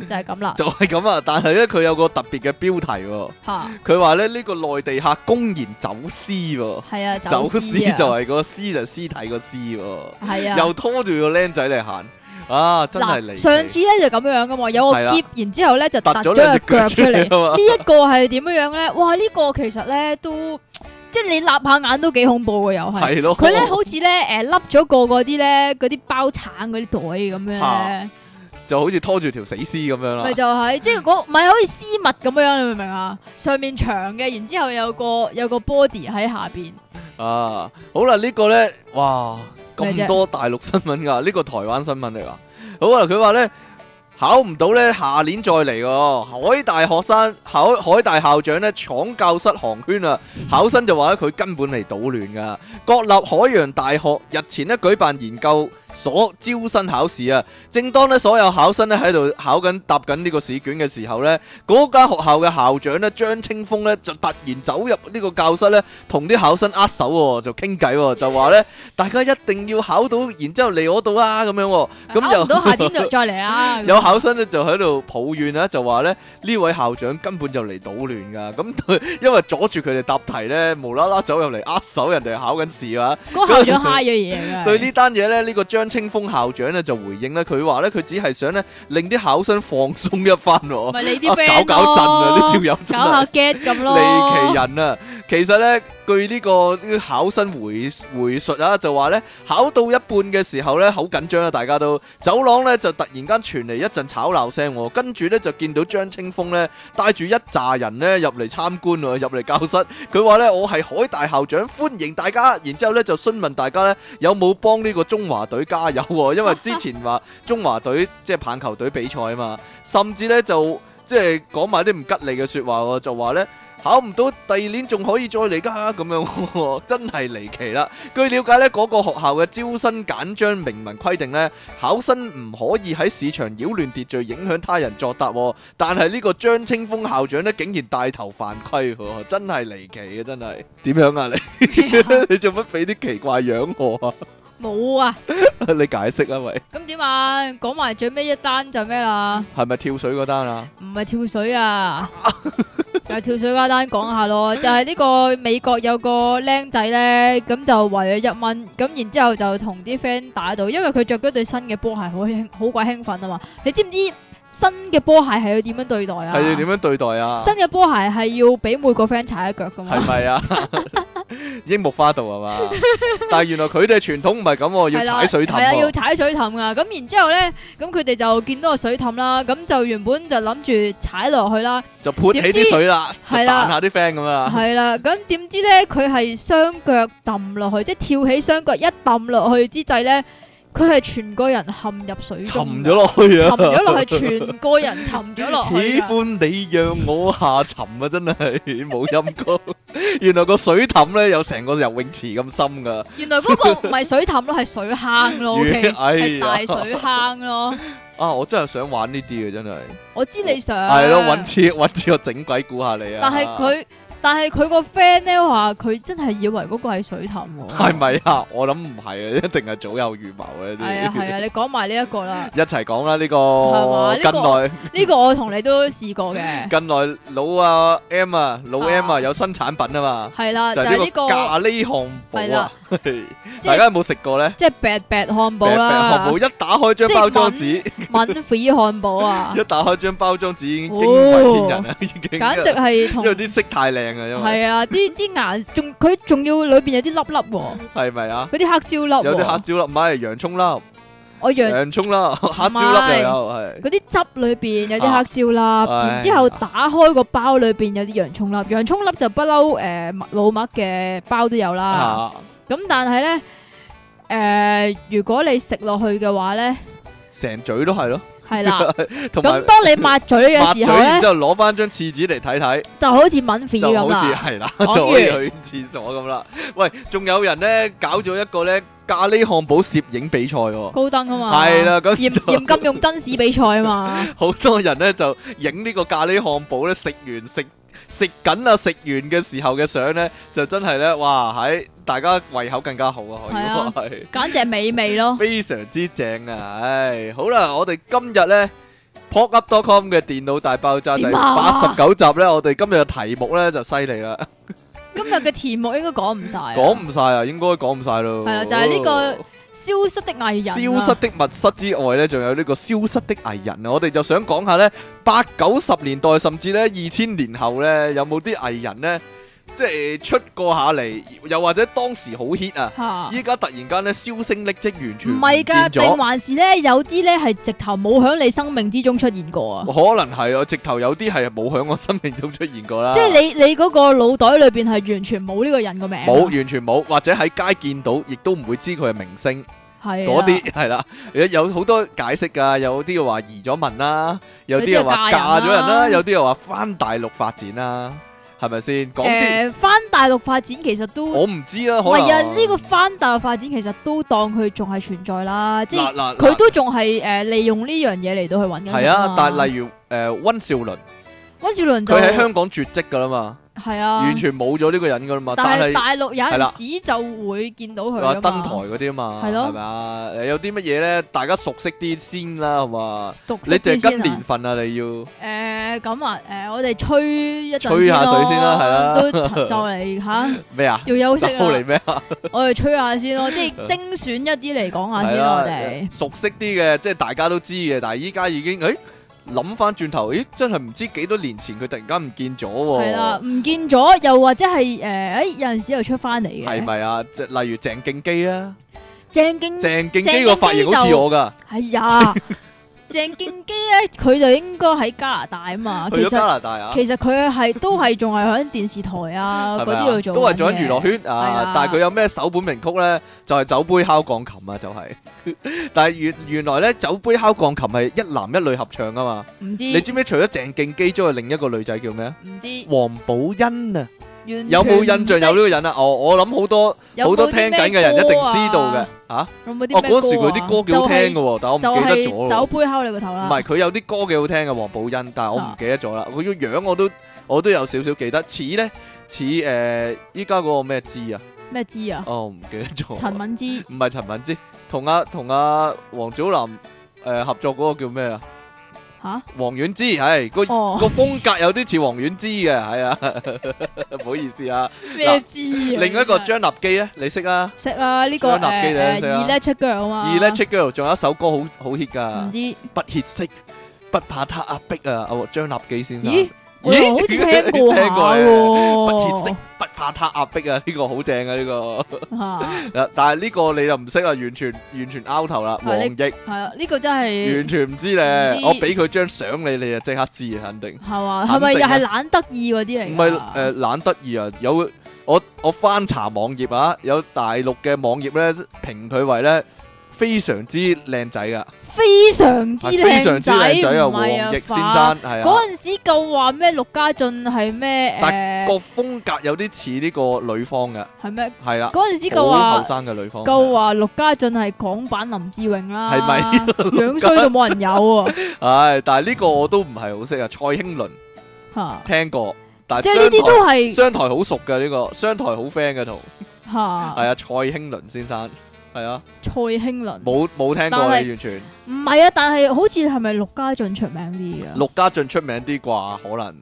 就係咁啦，就係咁啊！但係咧，佢有個特別嘅標題，哦，吓哈，佢話咧呢個內地客公然走屍，哦，係啊，走屍就係個屍就屍體個屍，係啊，又拖住個僆仔嚟行。啊，真係上次咧就咁、是、樣噶嘛，有個喼，啦然之後咧就突咗隻腳出嚟。 呢一個係點樣樣咧？哇，呢、這個其實咧都，即係你立下眼都幾恐怖嘅，又係。佢咧對咯 好似咧，誒、呃，笠咗個嗰啲咧，嗰啲包產嗰啲袋咁樣。啊。就好似拖住條死屍咁樣啦，就是，咪就係即係嗰唔係好似絲襪咁樣，你明唔明啊？上面長嘅，然後之後有個有個 body 喺下邊。啊，好啦，呢、這個呢，哇，咁多大陸新聞噶，呢個麼台灣新聞嚟啊。好啊，佢話呢，考唔到呢，下年再嚟。海大學生，考海大校長呢，闖教室行圈啊，考生就話咧佢根本嚟搗亂噶。國立海洋大學日前呢，舉辦研究。所招生考試啊！正當咧所有考生咧喺度考緊、答緊呢個試卷嘅時候咧，嗰間學校嘅校長咧張清峰咧就突然走入呢個教室咧，同啲考生握手，就傾偈，就話咧大家一定要考到，然之後嚟我度啊！咁樣，考唔到下年就再嚟啊！有考生咧就喺度抱怨啊，就話咧呢位校長根本就嚟搗亂噶，咁因為阻住佢哋答題咧，無啦啦走入嚟握手，人哋考緊試啊！個校長嗨嘅嘢，對呢單嘢咧呢個張。溫清風校長咧就回應咧，佢話咧佢只係想咧令啲考生放鬆一番，唔係你啲、啊、搞搞震啊，啲條友真係離奇人啊！其實咧，據呢、這個考生回回述啊，就話咧考到一半嘅時候咧，好緊張啊。大家都走廊咧就突然間傳嚟一陣吵鬧聲，跟住咧就見到張清風咧帶住一紮人咧入嚟參觀，入嚟教室。佢話咧我係海大校長，歡迎大家，然之後咧就詢問大家咧有冇幫呢個中華隊加油，因為之前話中華隊即係棒球隊比賽啊嘛，甚至咧就即係講埋啲唔吉利嘅說話，就話咧。考唔到第二年仲可以再嚟噶，咁樣，真係離奇啦！據了解咧，嗰個學校嘅招生簡章明文規定咧，考生唔可以喺市場擾亂秩序，影響他人作答。但係呢個張清峰校長咧，竟然帶頭犯規，真係離奇啊！真係點樣啊？你你做乜俾啲奇怪樣我啊？冇啊！你解釋啊，喂！咁點啊？講埋最尾一單就咩啦？係咪跳水嗰單啊？唔係跳水啊，就係跳水嗰單。簡單講下咯，就係、是、呢個美國有個僆仔咧，咁就為咗一蚊，咁然之後就同啲 friend 打到，因為佢着咗對新嘅波鞋，好興，好鬼興奮啊嘛！你知唔知？新嘅波鞋係要點樣對待啊？係要點樣對待啊？新嘅波鞋係要俾每個 friend 踩一腳噶嘛？係咪啊？櫻 木花道係嘛？ 但係原來佢哋傳統唔係咁喎，要踩水氹。係啊，要踩水氹啊，啊。咁、啊、然之後咧，咁佢哋就見到個水氹啦，咁就原本就諗住踩落去啦，就潑起啲水啦，去彈下啲 friend 咁啊。係啦、啊啊，咁點知咧佢係雙腳揼落去，即係跳起雙腳一揼落去之際咧。佢係全個人陷入水，沉咗落去啊！沉咗落去， 全個人沉咗落去喜歡你讓我下沉啊！真係冇陰功。 原來個水凼咧有成個游泳池咁深噶！ 原來嗰個唔係水凼，咯，係水坑咯，係、 okay, 大水坑咯！ 啊，我真係想玩呢啲啊，真係我！我知你想係咯，搵次，搵次我整鬼估下你啊！但係佢。但係佢個 friend 咧，話佢真係以為嗰個係水潭喎。係咪啊？我諗唔係啊，一定係早有預謀嘅。係啊係啊，你講埋呢一個啦。一齊講啦呢個，近來呢個我同你都試過嘅。近來老啊 M 啊老 M 啊有新產品啊嘛。係啦，就呢個咖喱漢堡啊。大家有冇食過咧？即係 bad bad 漢堡啦。漢堡一打開張包裝紙，粉粉 free 漢堡啊！一打開張包裝紙已經驚壞天人啦，已經簡直係因為啲色太靚。係啊，啲啲牙仲佢仲要裏邊有啲粒粒喎，係咪啊？嗰啲黑椒粒，有啲黑椒粒，唔係洋蔥粒，我洋洋蔥粒，黑椒粒，唔係，係嗰啲汁裏邊有啲黑椒粒，然之後打開個包裏邊有啲洋蔥粒，洋蔥粒就不嬲，誒，老麥嘅包都有啦，咁但係咧，誒，如果你食落去嘅話咧，成嘴都係咯。係啦，咁 還有 當你抹嘴嘅時候咧，就攞返張廁紙嚟睇睇，就好似敏 f e e 好似係啦，完 就可以去廁所咁、 啊、啦。喂嚴，仲有人咧搞咗一個咧咖喱漢堡攝影比賽，高登啊嘛，係啦，嚴嚴禁用真屎比賽啊嘛，好 多人咧就影呢個咖喱漢堡咧食完食。食緊啊，食完嘅時候嘅相咧，就真係咧，哇喺大家胃口更加好啊，係、啊， 簡直美味咯， 非常之正啊，唉、啊，好啦，我哋今日咧，Pockup.com 嘅電腦大爆炸第八十九集咧，啊、我哋今日嘅題目咧就犀利啦，今日嘅題目應該講唔晒，講唔晒啊，應該講唔晒咯，係啦，就係、是、呢、呢個。消失的藝人，消失的密室之外呢，仲有呢個消失的藝人啊！我哋就想講下呢，八九十年代甚至呢，二千年後呢，有冇啲藝人呢？即係出過下嚟，又或者當時好 hit 啊！依家哈突然間咧銷聲匿迹，完全唔係噶，定還是咧有啲咧係直頭冇喺你生命之中出現過啊？可能係啊，直頭有啲係冇喺我生命中出現過啦。即係你你嗰個腦袋裏邊係完全冇呢個人個名啊？冇，完全冇，或者喺街見到亦都唔會知佢係明星，嗰啲係啦。有有好多解釋噶，有啲話移咗民啦，有啲又話嫁咗人啦，有啲又話翻大陸發展啦。係咪先？講，翻大陸發展其實都我唔知啦，可能。唔係啊，呢個翻大陸發展其實都當佢仲係存在啦，即係佢都仲係誒利用呢樣嘢嚟到去揾緊。係啊，但係例如誒温兆倫，温兆倫佢喺香港絕跡噶啦嘛，係啊，完全冇咗呢個人噶啦嘛。但係大陸有陣時就會見到佢啊，登台嗰啲啊嘛，係咯，係咪啊？有啲乜嘢咧？大家熟悉啲先啦，係嘛？你哋今年份啊，你要誒。誒，咁啊，誒，我哋吹一陣，吹下水先啦，係啦，都就嚟吓咩啊？要休息啊？嚟咩啊？我哋吹下先咯，即係精選一啲嚟講下先咯，我哋熟悉啲嘅，即係大家都知嘅，但係依家已經誒諗翻轉頭，誒真係唔知幾多年前佢突然間唔見咗，係啦，唔見咗，又或者係誒，有陣時又出翻嚟嘅，係咪啊？即例如鄭敬基啦，鄭敬鄭敬基個髮型好似我噶，哎呀。鄭敬基咧，佢就應該喺加拿大啊嘛，去咗加拿大啊。其實佢係都係仲係喺電視台啊嗰啲度做， 都係做緊娛樂圈啊。啊但係佢有咩首本名曲咧，就係、是啊就是 《酒杯敲鋼琴》啊，就係。但係原原來咧，《酒杯敲鋼琴》係一男一女合唱噶嘛。唔知。你知唔知除咗鄭敬基之外，另一個女仔叫咩？唔知。黃寶欣啊。有冇印象有呢個人啊？哦，我諗好多好多聽緊嘅人一定知道嘅，吓。我嗰、啊啊、時佢啲歌幾好聽嘅，就是、但係我唔記得咗酒杯敲你個頭啦！唔係，佢有啲歌幾好聽嘅黃寶欣，但係我唔記得咗啦。佢個、啊、樣我都我都有少少記得，似咧似誒，依家嗰個咩之啊？咩之啊？哦、啊，唔記得咗。陳敏之唔係陳敏之，同阿同阿黃祖藍誒、啊、合作嗰個叫咩啊？吓，啊、黃遠枝係個、哦、個風格有啲似黃遠枝嘅，係啊，唔好意思啊。咩枝？另一個張立基呢，你識啊？識啊，呢、這個誒、啊啊，Electric Girl 啊嘛，Electric Girl，仲有一首歌好好 hit 噶，唔知不歇知息，不怕他壓迫啊，阿、哦、張立基先生。咦，欸、好似聽過啊，聽過啊不！不結識不怕塔壓迫啊，呢、這個好正啊，呢、這個、啊。但係呢個你就唔識啊，完全完全 out 頭啦。王益係啊，呢、這個真係完全唔知咧。知我俾佢張相你，你就即刻知，肯定係嘛？係咪又係懶得意嗰啲嚟？唔係誒，懶得意啊！有我我翻查網頁啊，有大陸嘅網頁咧評佢為咧。非常之靚仔噶，非常之靚仔啊！王奕先生，係啊，嗰陣時夠話咩？陸家俊係咩？誒，個風格有啲似呢個女方嘅，係咩？係啦，嗰陣時夠話，後生嘅女方，夠話陸家俊係港版林志穎啦，係咪？樣衰到冇人有，唉，但係呢個我都唔係好識啊。蔡興麟吓聽過，但即係呢啲都係商台好熟嘅呢個，商台好 friend 嘅圖吓係啊，蔡興麟先生。係啊，蔡興麟冇冇聽過，你完全唔係啊，但係好似係咪陸家俊出名啲啊？陸家俊出名啲啩，可能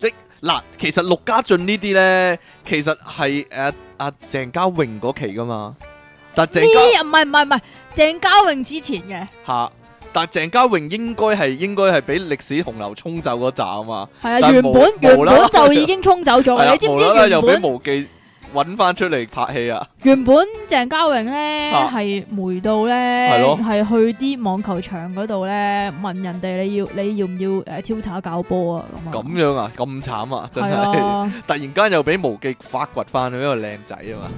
你嗱，其實陸家俊呢啲咧，其實係誒阿鄭嘉穎嗰期噶嘛，但鄭嘉，唔係唔係唔係鄭嘉穎之前嘅吓，但鄭嘉穎應該係應該係俾歷史洪流沖走嗰集啊嘛，係啊，原本原本就已經沖走咗，你知唔知原本？揾翻出嚟拍戲啊！原本鄭嘉穎咧係霉到咧，係去啲網球場嗰度咧問人哋你要你要唔要誒，挑查教波啊咁啊！咁樣啊，咁慘啊，真係！突然間又俾無極發掘翻去一個靚仔啊嘛！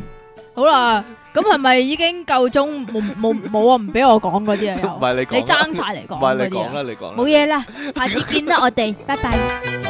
好啦，咁係咪已經夠鐘冇冇冇啊？唔俾我講嗰啲啊！唔係你講，你爭晒嚟講。唔係你講啦，你講。冇嘢啦，下次見啦，我哋拜拜。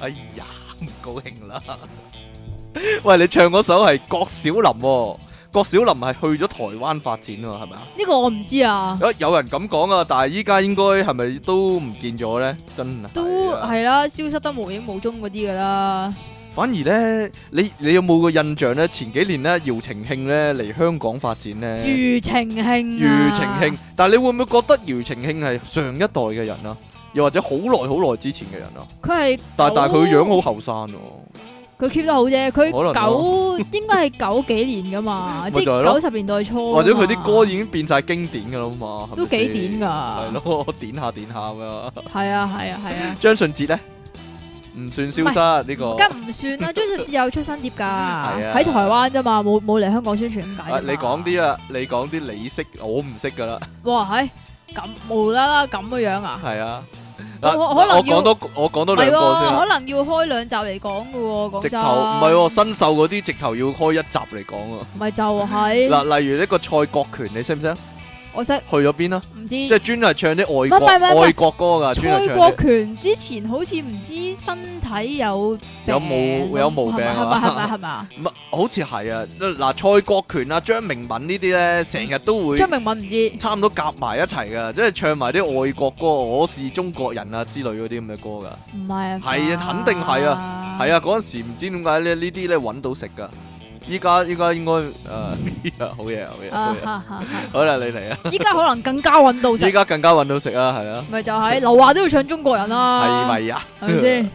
哎呀，唔高興啦！喂，你唱嗰首係郭小林喎，郭小林係去咗台灣發展喎，係咪？呢個我唔知啊。誒，有人咁講啊，但係依家應該係咪都唔見咗咧？真啊，都係啦，消失得無影無蹤嗰啲噶啦。反而咧，你你有冇個印象咧？前幾年咧，姚程慶咧嚟香港發展咧。余程慶，余程慶，但係你會唔會覺得姚程慶係上一代嘅人啊？又或者好耐好耐之前嘅人啊，佢係，但係但係佢嘅樣好後生咯，佢 keep 得好啫，佢九應該係九幾年噶嘛，即係九十年代初，或者佢啲歌已經變晒經典噶啦嘛，都幾典噶，係咯，典下典下噶，係啊係啊係啊，張信哲咧唔算消失呢個，梗唔算啦，張信哲有出新碟噶，喺台灣啫嘛，冇冇嚟香港宣傳，點解？你講啲啊，你講啲你識我唔識噶啦，哇，係咁冇啦啦咁嘅樣啊，係啊。我、啊、可能我講多我講多兩個、啊、先說可能要開兩集嚟講嘅喎、啊。直頭唔係喎，新秀嗰啲直頭要開一集嚟講喎、唔係、就係、 啊。咪就係嗱，例如呢個蔡國權，你識唔識啊？我識，去咗邊啦？唔知，即係專係唱啲外國外國歌噶。蔡國權之前好似唔知身體有有冇會有毛病係嘛係嘛係嘛？唔係，好似係啊！嗱，蔡國權啊，張明敏呢啲咧，成日都會張明敏唔知差唔多夾埋一齊噶，即係唱埋啲外國歌，我是中國人啊之類嗰啲咁嘅歌噶。唔係啊，係啊，肯定係啊，係啊！嗰陣時唔知點解咧，呢啲咧搵到食噶。依家依家應該誒呢樣好嘢、好嘢，好啦你嚟啊！依家可能更加搵到食，依家更加搵到食啊，係啊。咪就喺劉華都要唱中國人啦，係咪呀？係咪先？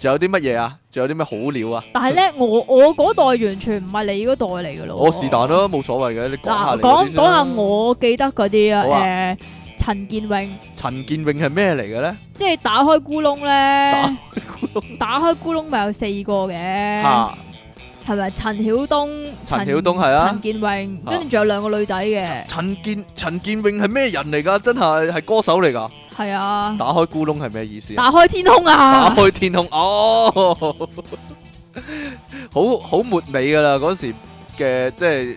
仲有啲乜嘢啊？仲有啲咩好料啊？但係咧，我我嗰代完全唔係你嗰代嚟噶咯。我是但咯，冇所謂嘅。你講下講講下，我記得嗰啲誒陳建永，陳建永係咩嚟嘅咧？即係打開咕窿咧，打開咕窿，打開咕窿咪有四個嘅。係咪陳曉東？陳曉東係啊，陳建榮，跟住仲有兩個女仔嘅。陳建陳建榮係咩人嚟噶？真係係歌手嚟噶。係啊。打開咕窿係咩意思？打開天空啊！打開天空哦，好好末尾噶啦，嗰時嘅即係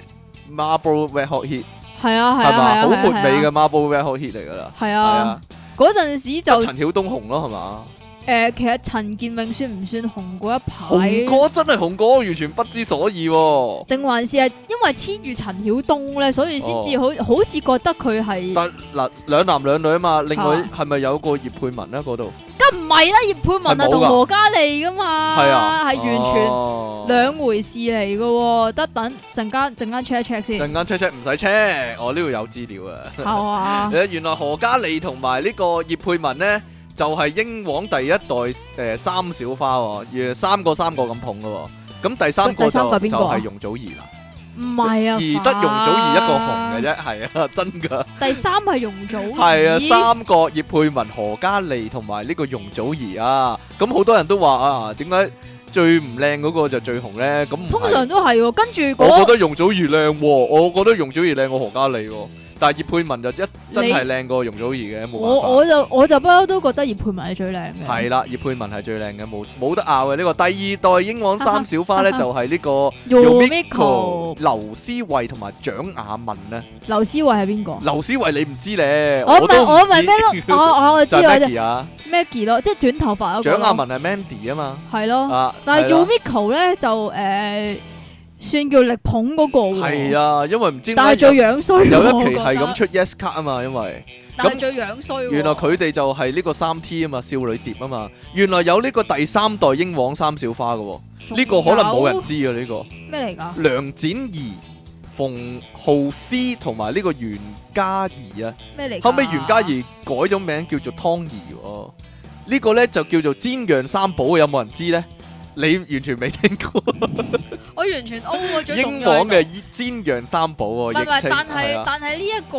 Marvel Red Hot Hit。係啊，係啊，好末尾嘅 Marvel Red Hot Hit 嚟噶啦。係啊，係啊，嗰陣時就陳曉東紅咯，係嘛？誒、呃，其實陳建永算唔算紅過一排？紅果真係紅果，完全不知所以、啊。定還是係因為黐住陳曉東咧，所以先至好，哦、好似覺得佢係。但嗱，兩男兩女啊嘛，另外係咪、啊、有個葉佩文咧？嗰度？梗唔係啦，葉佩文啊同何嘉莉噶嘛，係啊，係完全兩、啊、回事嚟噶。得等陣間，陣間 check 一 check 先。陣間 check check 唔使 check，我呢度有資料啊。係啊，原來何嘉莉同埋呢個葉佩文咧。就係英皇第一代誒三小花，三個三個咁捧咯。咁第三個就第三個係邊個？就係容祖兒啦。唔係啊，而得容祖兒一個紅嘅啫，係啊，真噶。第三係容祖兒，係啊，三個葉佩文、何嘉莉同埋呢個容祖兒啊。咁好多人都話啊，點解最唔靚嗰個就最紅咧？咁通常都係。跟住我覺得容祖兒靚，我覺得容祖兒靚，過何嘉莉喎。但係葉佩文就一真係靚過容祖兒嘅，我我就我就不嬲都覺得葉佩文係最靚嘅。係啦，葉佩文係最靚嘅，冇冇得拗嘅。呢個第二代英皇三小花咧，就係呢個 Yumiko 劉思慧同埋蔣雅文咧。劉思慧係邊個？劉思慧你唔知咧，我唔我唔知咯，我我我知啊，Maggie 咯，即係短頭髮。蔣雅文係 Mandy 啊嘛，係咯。啊，但係 Yumiko 咧就誒。算叫力捧嗰、那個喎，係啊，因為唔知為，但係最樣衰，有一期係咁出 Yes 卡啊嘛，因為但是 樣最樣衰，原來佢哋就係呢個三 T 啊嘛，少女蝶啊嘛，原來有呢個第三代英皇三小花噶，呢有個可能冇人知、這個、啊，呢個咩嚟噶？梁展怡、馮浩思同埋呢個袁嘉怡啊，咩嚟？後尾袁嘉怡改咗名叫做湯怡，呢、這個咧就叫做煎釀三寶，有冇人知咧？你完全未聽過 我完全 over 咗。英皇嘅煎羊三寶喎，但係但係呢一個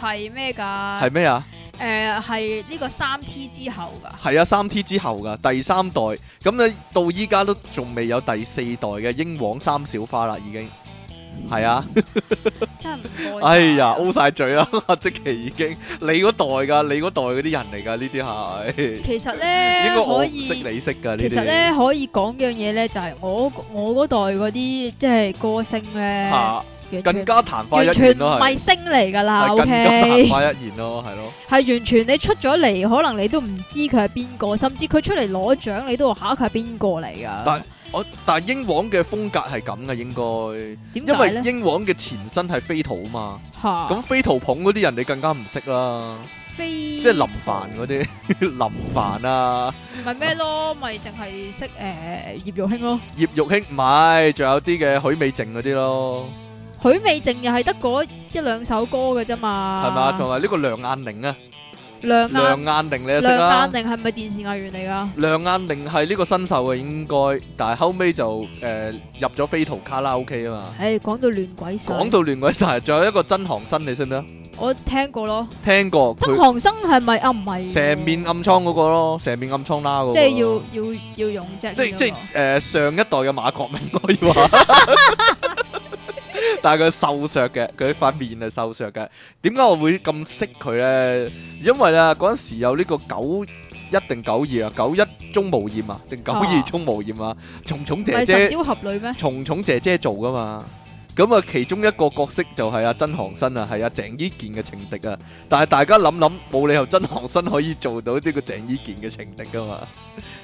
係咩㗎？係咩啊？誒、呃，係呢個三 T 之後㗎。係啊，三 T 之後㗎，第三代。咁、嗯、咧到依家都仲未有第四代嘅英皇三小花啦，已經。係啊，真係哎呀，o 晒嘴啦，即其已經你嗰代噶，你嗰代嗰啲人嚟噶呢啲係，其實咧應該可以識你識噶，其實咧可以講樣嘢咧，就係我我嗰代嗰啲即係歌星咧，更加曇花一現咯，係。更加曇花一現咯，係咯。係完全你出咗嚟，可能你都唔知佢係邊個，甚至佢出嚟攞獎，你都話吓佢係邊個嚟噶。但係，英皇嘅風格係咁嘅，應該，因為英皇嘅前身係飛圖啊嘛，咁飛圖捧嗰啲人你更加唔識啦，即係林凡嗰啲林凡啊，唔係咩咯，咪淨係識誒葉玉卿咯，葉玉卿唔係，仲有啲嘅許美靜嗰啲咯，許美靜又係得嗰一兩首歌嘅啫嘛，係咪？同埋呢個梁雁翎啊。梁雁寧你識啦，梁雁寧係咪電視藝員嚟噶？梁雁寧係呢個新秀啊，應該，但係後尾就誒入咗飛圖卡拉 O K 啊嘛。誒，講到亂鬼晒，講到亂鬼晒，仲有一個曾航生你識唔識啊？我聽過咯，聽過。曾航生係咪啊？唔係成面暗瘡嗰個咯，成面暗瘡啦。即係要要要用者。即係即係誒，上一代嘅馬國明可以話。 但係佢瘦削嘅，佢塊面係瘦削嘅。點解我會咁識佢咧？因為啊，嗰陣時有呢個九一定九二啊，九一鍾無艷啊，定九二鍾無艷啊。蟲蟲、啊、姐姐，神雕俠女咩？蟲蟲姐姐做㗎嘛。咁啊，其中一個角色就係阿曾航生啊，係啊，鄭伊健嘅情敵啊，但係大家諗諗，冇理由曾航生可以做到呢個鄭伊健嘅情敵噶嘛？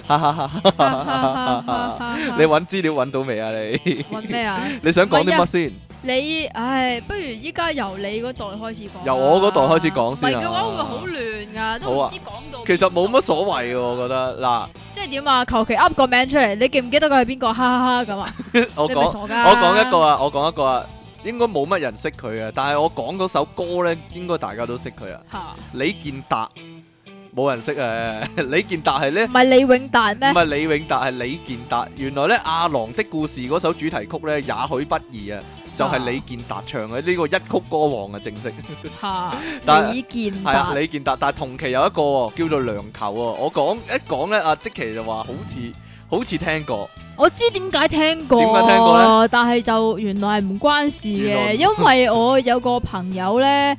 哈哈哈！你揾資料揾到未啊？你揾咩啊？ 你想講啲乜先？你唉，不如依家由你嗰代開始講，由我嗰代開始講先啊。唔係嘅話會唔會好亂噶？都唔知講到。其實冇乜所謂嘅，我覺得嗱。即係點啊？求其噏個名出嚟，你記唔記得佢係邊個？哈哈哈咁啊！我講我講一個啊，我講一個啊，應該冇乜人識佢啊。但係我講嗰首歌咧，應該大家都識佢啊。李健達冇人識啊！李健達係咧，唔係李永達咩？唔係李永達係李健達。原來咧，阿郎的故事嗰首主題曲咧，也許不易啊。就係李健達唱嘅呢、呢個一曲歌王嘅、啊、正式。嚇 是！李健達、啊，李健達。但係同期有一個、哦、叫做梁球喎、哦，我講一講咧，阿、啊、積淇就話好似好似聽過。我知點解聽過，點解聽過咧？但係就原來係唔關事嘅，原來 因為我有個朋友咧，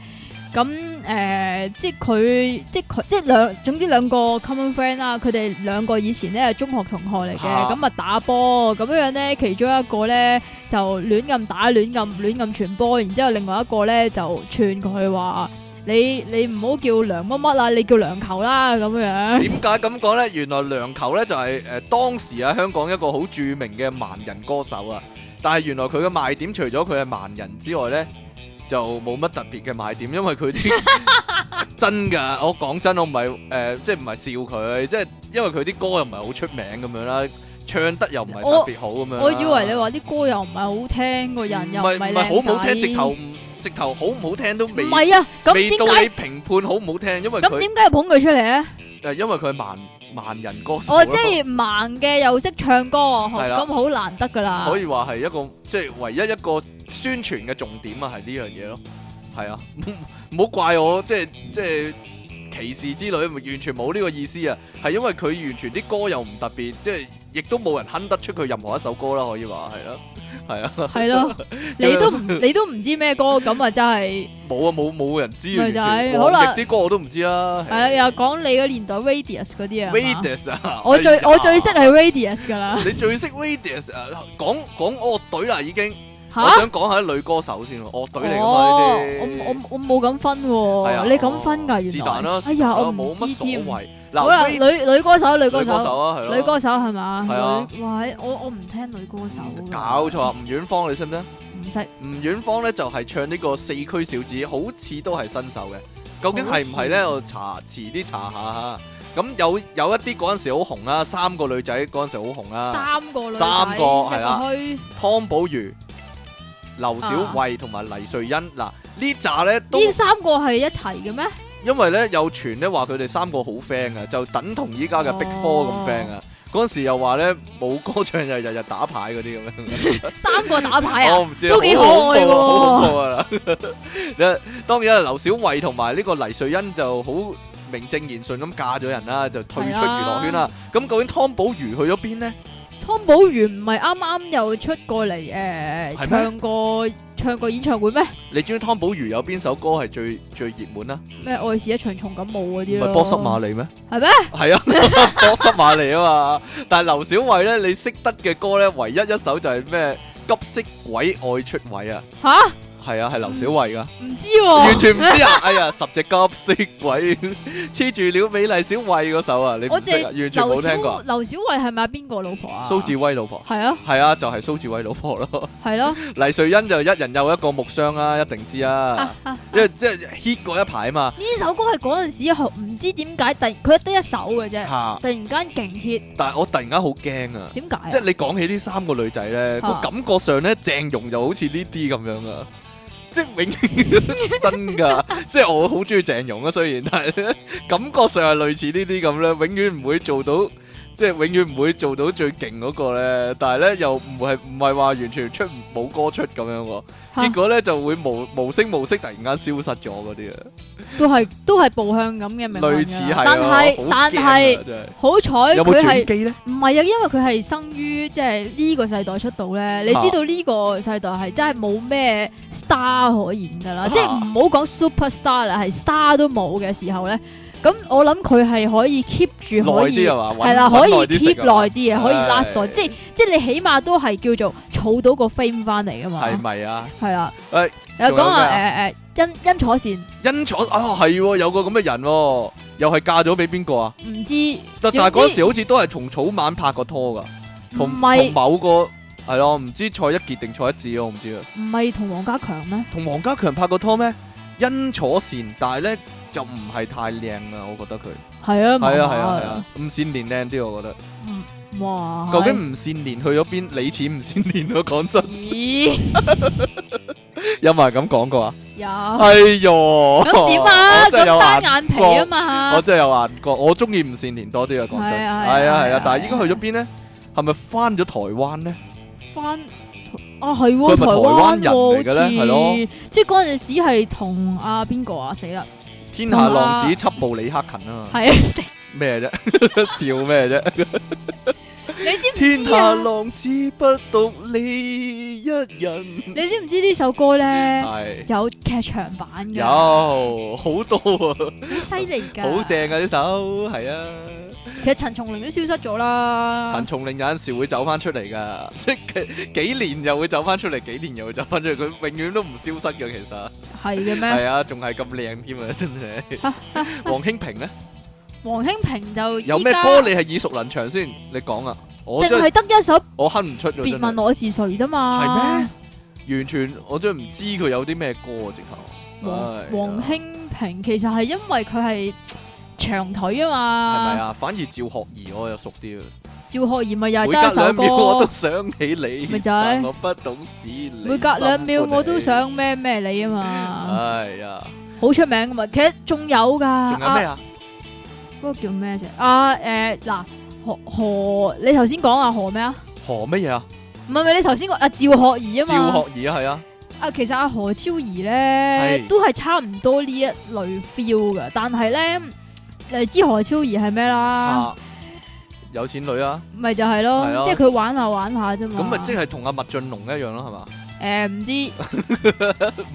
咁。誒、呃，即係佢，即係佢，即係兩，總之兩個 common friend 啦。佢哋兩個以前咧係中學同學嚟嘅，咁啊打波咁樣樣咧，其中一個咧就亂咁打，亂咁亂咁傳波，然之後另外一個咧就串佢話：你你唔好叫梁乜乜啦，你叫梁球啦咁樣。點解咁講咧？原來梁球咧就係、是、誒、呃、當時喺香港一個好著名嘅盲人歌手啊。但係原來佢嘅賣點除咗佢係盲人之外咧。就冇乜特別嘅賣點，因為佢啲 真㗎，我講真，我唔係誒，即係唔係笑佢，即係因為佢啲歌又唔係好出名咁樣啦，唱得又唔係特別好咁樣。我以為你話啲歌又唔係好聽，個人又唔係俊好唔好聽，直頭直頭好唔好聽都未。唔係啊，咁點解？未到你評判好唔好聽，為因為咁點解要捧佢出嚟咧？誒，因為佢係盲盲人歌手，哦，即、就、係、是、盲嘅又識唱歌，咁好、嗯哦、難得㗎啦。可以話係一個即係唯一一個。宣傳嘅重點啊，係呢樣嘢咯，係啊，唔、嗯、好怪我，即係即係歧視之類，完全冇呢個意思啊，係因為佢完全啲歌又唔特別，即係亦都冇人哼得出佢任何一首歌啦、啊，可以話係咯，係啊，係咯、啊啊， 你都你都唔知咩歌咁、就是、 啊，真係冇啊，冇冇人知，全好我啲哇歌我都唔知啦、啊，係啊，啊，又講你嘅年代，Radius 嗰啲啊，Radius 啊嗎， 我最我最識係 Radius 噶啦，你最識 Radius 啊， 講講樂隊啦、啊、已經。我想講下女歌手先咯，樂隊嚟㗎嘛呢啲。我我我冇咁分喎，你咁分㗎原來。是但啦，哎呀我冇乜所謂。嗱，女女歌手女歌手，女歌手係咯，女歌手係咪？係啊。喂，我我唔聽女歌手。搞錯啊，吳婉芳你識唔識？唔識。吳婉芳咧就係唱呢個四驅小子，好似都係新手嘅。究竟係唔係咧？我查遲啲查下嚇。咁有有一啲嗰陣時好紅啦，三個女仔嗰陣時好紅啦。三個女仔。三個係啊！湯寶如。劉小慧同埋黎瑞恩，嗱呢紮咧，呢三個係一齊嘅咩？因為咧有傳咧話佢哋三個好 friend 啊，就等同依家嘅 Big Four 咁 friend 啊。嗰時又話咧冇歌唱就日日打牌嗰啲咁樣， 三個打牌啊，我唔知都幾可愛喎。當然啊，劉小慧同埋呢個黎瑞恩就好名正言順咁嫁咗人啦，就退出娛樂圈啦。咁究竟湯寶如去咗邊呢？湯寶如唔係啱啱又出過嚟誒，呃、嗎唱過唱過演唱會咩？你中意湯寶如有邊首歌係最最熱門啊？咩愛是一場重感冒嗰啲咯？唔係波斯瑪麗咩？係咩？係啊， 波斯瑪麗啊嘛。 但係劉小慧咧，你識得嘅歌咧，唯一一首就係咩急色鬼愛出位啊？吓、啊！係啊，係劉小慧噶，唔知完全唔知啊！哎呀，十隻急色鬼，黐住了美麗小慧嗰首啊！你唔識完全冇聽過。劉小慧係咪邊個老婆啊？蘇志威老婆。係啊，係啊，就係蘇志威老婆咯。係咯。黎瑞恩就一人有一個木箱啊，一定知啊，因為即係 hit 過一排啊嘛。呢首歌係嗰陣時唔知點解，突佢得一首嘅啫，突然間勁 hit。但係我突然間好驚啊！點解？即係你講起呢三個女仔咧，個感覺上咧鄭融就好似呢啲咁樣啊！即永遠 真㗎，即係我好鍾意鄭融啊，雖然，但係感覺上係類似呢啲噉呢，永遠唔會做到。即係永遠唔會做到最勁嗰個咧，但係咧又唔係唔係話完全出唔到歌出咁樣，啊、結果咧就會無無聲無息突然間消失咗嗰啲啊，都係都係步向咁嘅命，類似係，但係但係好彩佢係唔係啊，因為佢係生於即係呢個世代出道咧，啊、你知道呢個世代係真係冇咩 star 可言噶啦，即係唔好講 super star 啦，係 star 都冇嘅時候咧。咁我諗佢係可以 keep 住可以係啦，可以 keep 耐啲嘅，可以 last 耐，即係即係你起碼都係叫做儲到個 fame 翻嚟噶嘛？係咪啊？係啊！誒，又講下誒誒，甄楚倩，甄楚啊係，有個咁嘅人，又係嫁咗俾邊個啊？唔知，但但嗰時好似都係同草蜢拍過拖噶，同埋某個係咯，唔知蔡一傑定蔡一智我唔知啦。唔係同黃家強咩？同黃家強拍過拖咩？甄楚倩，但係咧。就唔係太靚啦，我覺得佢係啊，係啊，係啊，吳善蓮靚啲，我覺得。嗯，哇！究竟吳善蓮去咗邊？你似吳善蓮都講真。咦？有冇人咁講過啊？有。哎呦！咁點啊？咁單眼皮啊嘛。我真係有眼角，我中意吳善蓮多啲啊！講真，係啊，係啊，但係依家去咗邊呢？係咪翻咗台灣呢？翻啊，係喎，台灣人嚟嘅咧，係咯。即係嗰陣時係同阿邊個啊？死啦！天下浪子七步李克勤啊，咩啫？笑咩啫？你知唔知啊？天下浪子不獨你一人。你知唔知呢首歌咧？有劇場版嘅。有好多啊！好犀利噶。好正啊，呢首，係啊。其實陳松伶都消失咗啦。陳松伶有陣時會走翻出嚟噶，即係幾幾年又會走翻出嚟，幾年又會走翻出嚟，佢永遠都唔消失嘅。其實係嘅咩？係啊，仲係咁靚添啊！真係。王馨平咧？王馨平就有咩歌？你係耳熟能詳先，你講啊！淨係得一首，我哼唔出咗。別問我是誰啫嘛，係咩？完全我真係唔知佢有啲咩歌啊！直頭，王王馨平其實係因為佢係長腿啊嘛，係咪啊？反而趙學而我又熟啲啊！趙學而咪又係一首歌，每隔兩秒我都想起你，咪就係我不懂事。每隔兩秒我都想咩咩你啊嘛，哎呀，好出名㗎嘛！其實仲有㗎，仲有咩啊？嗰個叫咩啫？啊，誒、欸，嗱何何？你頭先講啊何咩啊？何乜嘢啊？唔係咪你頭先個阿趙學而啊嘛？趙學而啊係啊。啊，其實阿何超儀咧是都係差唔多呢一類 feel 噶，但係咧你知何超儀係咩啦？有錢女啊？咪就係咯，即係佢玩下玩下啫嘛。咁咪即係同阿麥浚龍一樣咯，係嘛？誒，唔知，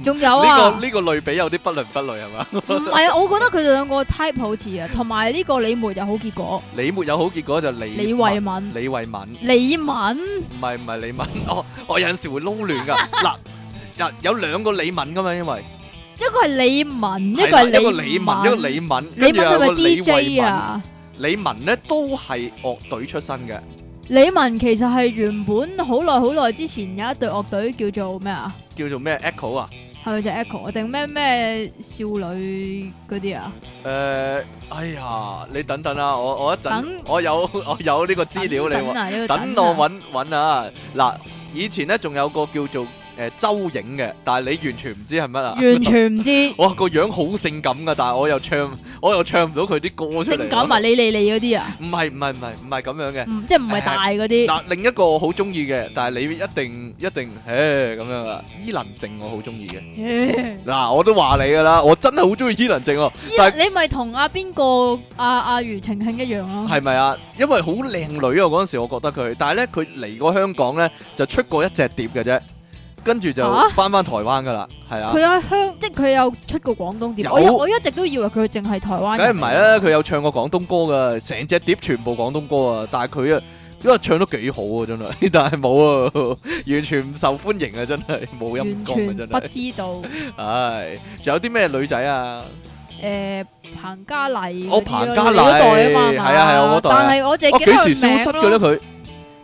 仲有啊？呢個呢個類比有啲不倫不類係嘛？唔係啊，我覺得佢哋兩個 type 好似啊，同埋呢個李梅有好結果，李梅有好結果就李李慧敏，李慧敏，李敏，唔係唔係李敏，我我有陣時會撈亂噶。嗱，有有兩個李敏噶嘛，因為一個係李敏，一個係李敏，一個李敏，一個李敏，李敏係咪 DJ 啊？李敏咧都係樂隊出身嘅。李文其實係原本好耐好耐之前有一隊樂隊叫做咩啊？叫做咩 Echo 啊？係咪就 Echo 啊？定咩咩少女嗰啲啊？誒、呃，哎呀，你等等啊，我我一陣，等我有我有呢個資料你，等我揾揾啊！嗱、這個啊啊，以前咧仲有個叫做。誒、呃，周影嘅，但係你完全唔知係乜啊？完全唔知。我個 樣好性感噶，但係我又唱，我又唱唔到佢啲歌出嚟。性感嘛，你你你嗰啲啊？唔係唔係唔係唔係咁樣嘅、嗯，即係唔係大嗰啲。嗱、呃呃，另一個我好中意嘅，但係你一定一定誒咁樣啦。伊能靜我好中意嘅。嗱、 呃，我都話你噶啦，我真係好中意伊能靜、啊。 但是你咪同阿邊個阿阿余晴慶一樣咯、啊？係咪啊？因為好靚女啊，嗰陣時我覺得佢，但係咧佢嚟過香港咧就出過一隻碟嘅啫。跟住就返返台灣㗎喇，係啊。佢喺香，即係佢有出過廣東碟。有我，我一直都以為佢淨係台灣碟。梗係唔係啦，佢有唱過廣東歌㗎，成隻碟全部廣東歌啊！但係佢啊，因為唱得幾好啊，真係，但係冇啊，完全唔受歡迎啊，真係冇音樂真係。不知道。唉， 仲有啲咩女仔啊？誒、呃，彭嘉麗、哦、麗，我彭嘉麗，係啊係啊，啊代啊我代。但係我淨幾時消失嘅咧？佢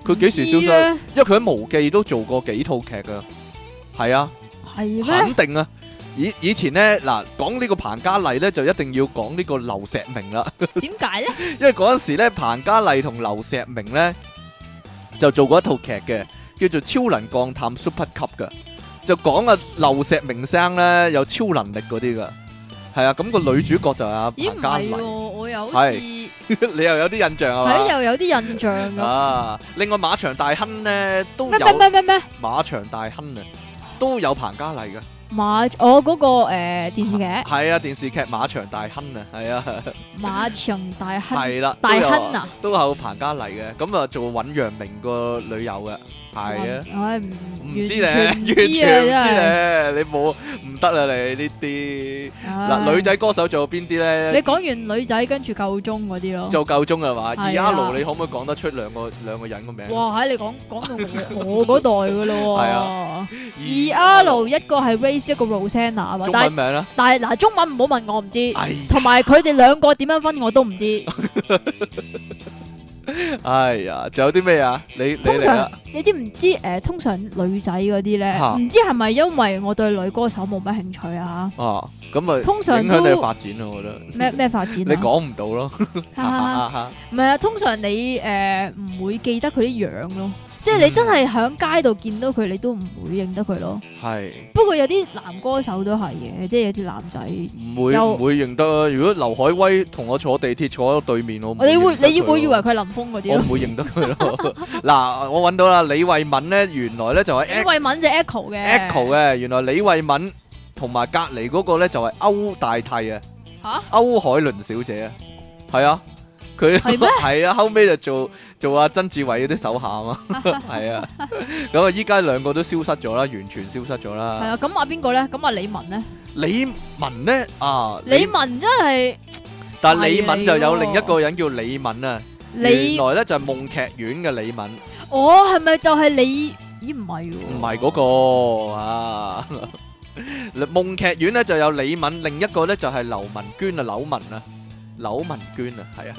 佢幾時消失？因為佢喺無記都做過幾套劇㗎、啊。係啊，係咩？肯定啊！以以前咧，嗱，講呢個彭嘉麗咧，就一定要講呢個劉錫明啦。點解咧？因為嗰時咧，彭嘉麗同劉錫明咧就做過一套劇嘅，叫做《超能降探 Super 級》嘅，就講啊劉錫明生咧有超能力嗰啲噶。係啊，咁個女主角就係彭嘉麗。咦？唔係喎，我有係你又有啲印象啊？係又有啲印象啊！另外馬場大亨咧都咩咩咩咩馬場大亨啊！都有彭嘉麗嘅馬，我、哦、嗰、那個誒、呃、電視劇係啊，啊，電視劇《馬場大亨》啊，係啊，《馬場大亨》係啦， 大亨啊，都係彭嘉麗嘅，咁啊做尹揚明個女友嘅。係啊，我唔唔知咧，完全唔知咧，你冇唔得啦，你呢啲嗱女仔歌手做邊啲咧？你講完女仔跟住夠鐘嗰啲咯，做夠鐘係嘛？二阿盧，你可唔可以講得出兩個兩個人個名？哇，喺你講講到我嗰代噶咯。係啊，二阿盧一個係 Raise，一個 Rosanna 係嘛？中文名啦，但係嗱，中文唔好問我唔知，同埋佢哋兩個點樣分我都唔知。哎呀，仲有啲咩啊？你通常你，你知唔知誒、呃？通常女仔嗰啲咧，唔哈知係咪因為我對女歌手冇乜興趣啊？哦，咁啊，通常影響你發展啊，我覺得咩咩發展？你講唔到咯，唔係啊，通常你誒唔、呃、會記得佢啲樣咯。即係你真係喺街度見到佢，你都唔會認得佢咯。係是。不過有啲男歌手都係嘅，即係有啲男仔唔會唔又 會認得。如果劉愷威同我坐地鐵坐喺我對面，我唔你會你會以為佢係林峰嗰啲咯？我唔會認得佢咯。嗱， 我揾到啦，李慧敏咧，原來咧就係、e、李慧敏就 ech Echo 嘅。Echo 嘅，原來李慧敏同埋隔籬嗰個咧就係歐大替哈啊，歐海倫小姐啊，係啊。係咩？係啊，後尾就做做阿曾志偉嗰啲手下啊嘛，係啊。咁啊，依家兩個都消失咗啦，完全消失咗啦。係啊。咁啊，邊個咧？咁啊，李玟咧？李玟咧啊？李玟真係，但李玟就有另一個人叫李敏啊。原來咧就係夢劇院嘅李敏。哦，係咪就係李？咦，唔係喎。唔係嗰個啊。夢劇院咧就有李敏，另一個咧就係劉文娟啊，劉文啊，劉文娟啊，係啊。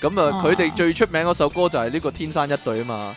咁啊，佢哋最出名嗰首歌就係呢、這個《天生一對》啊嘛。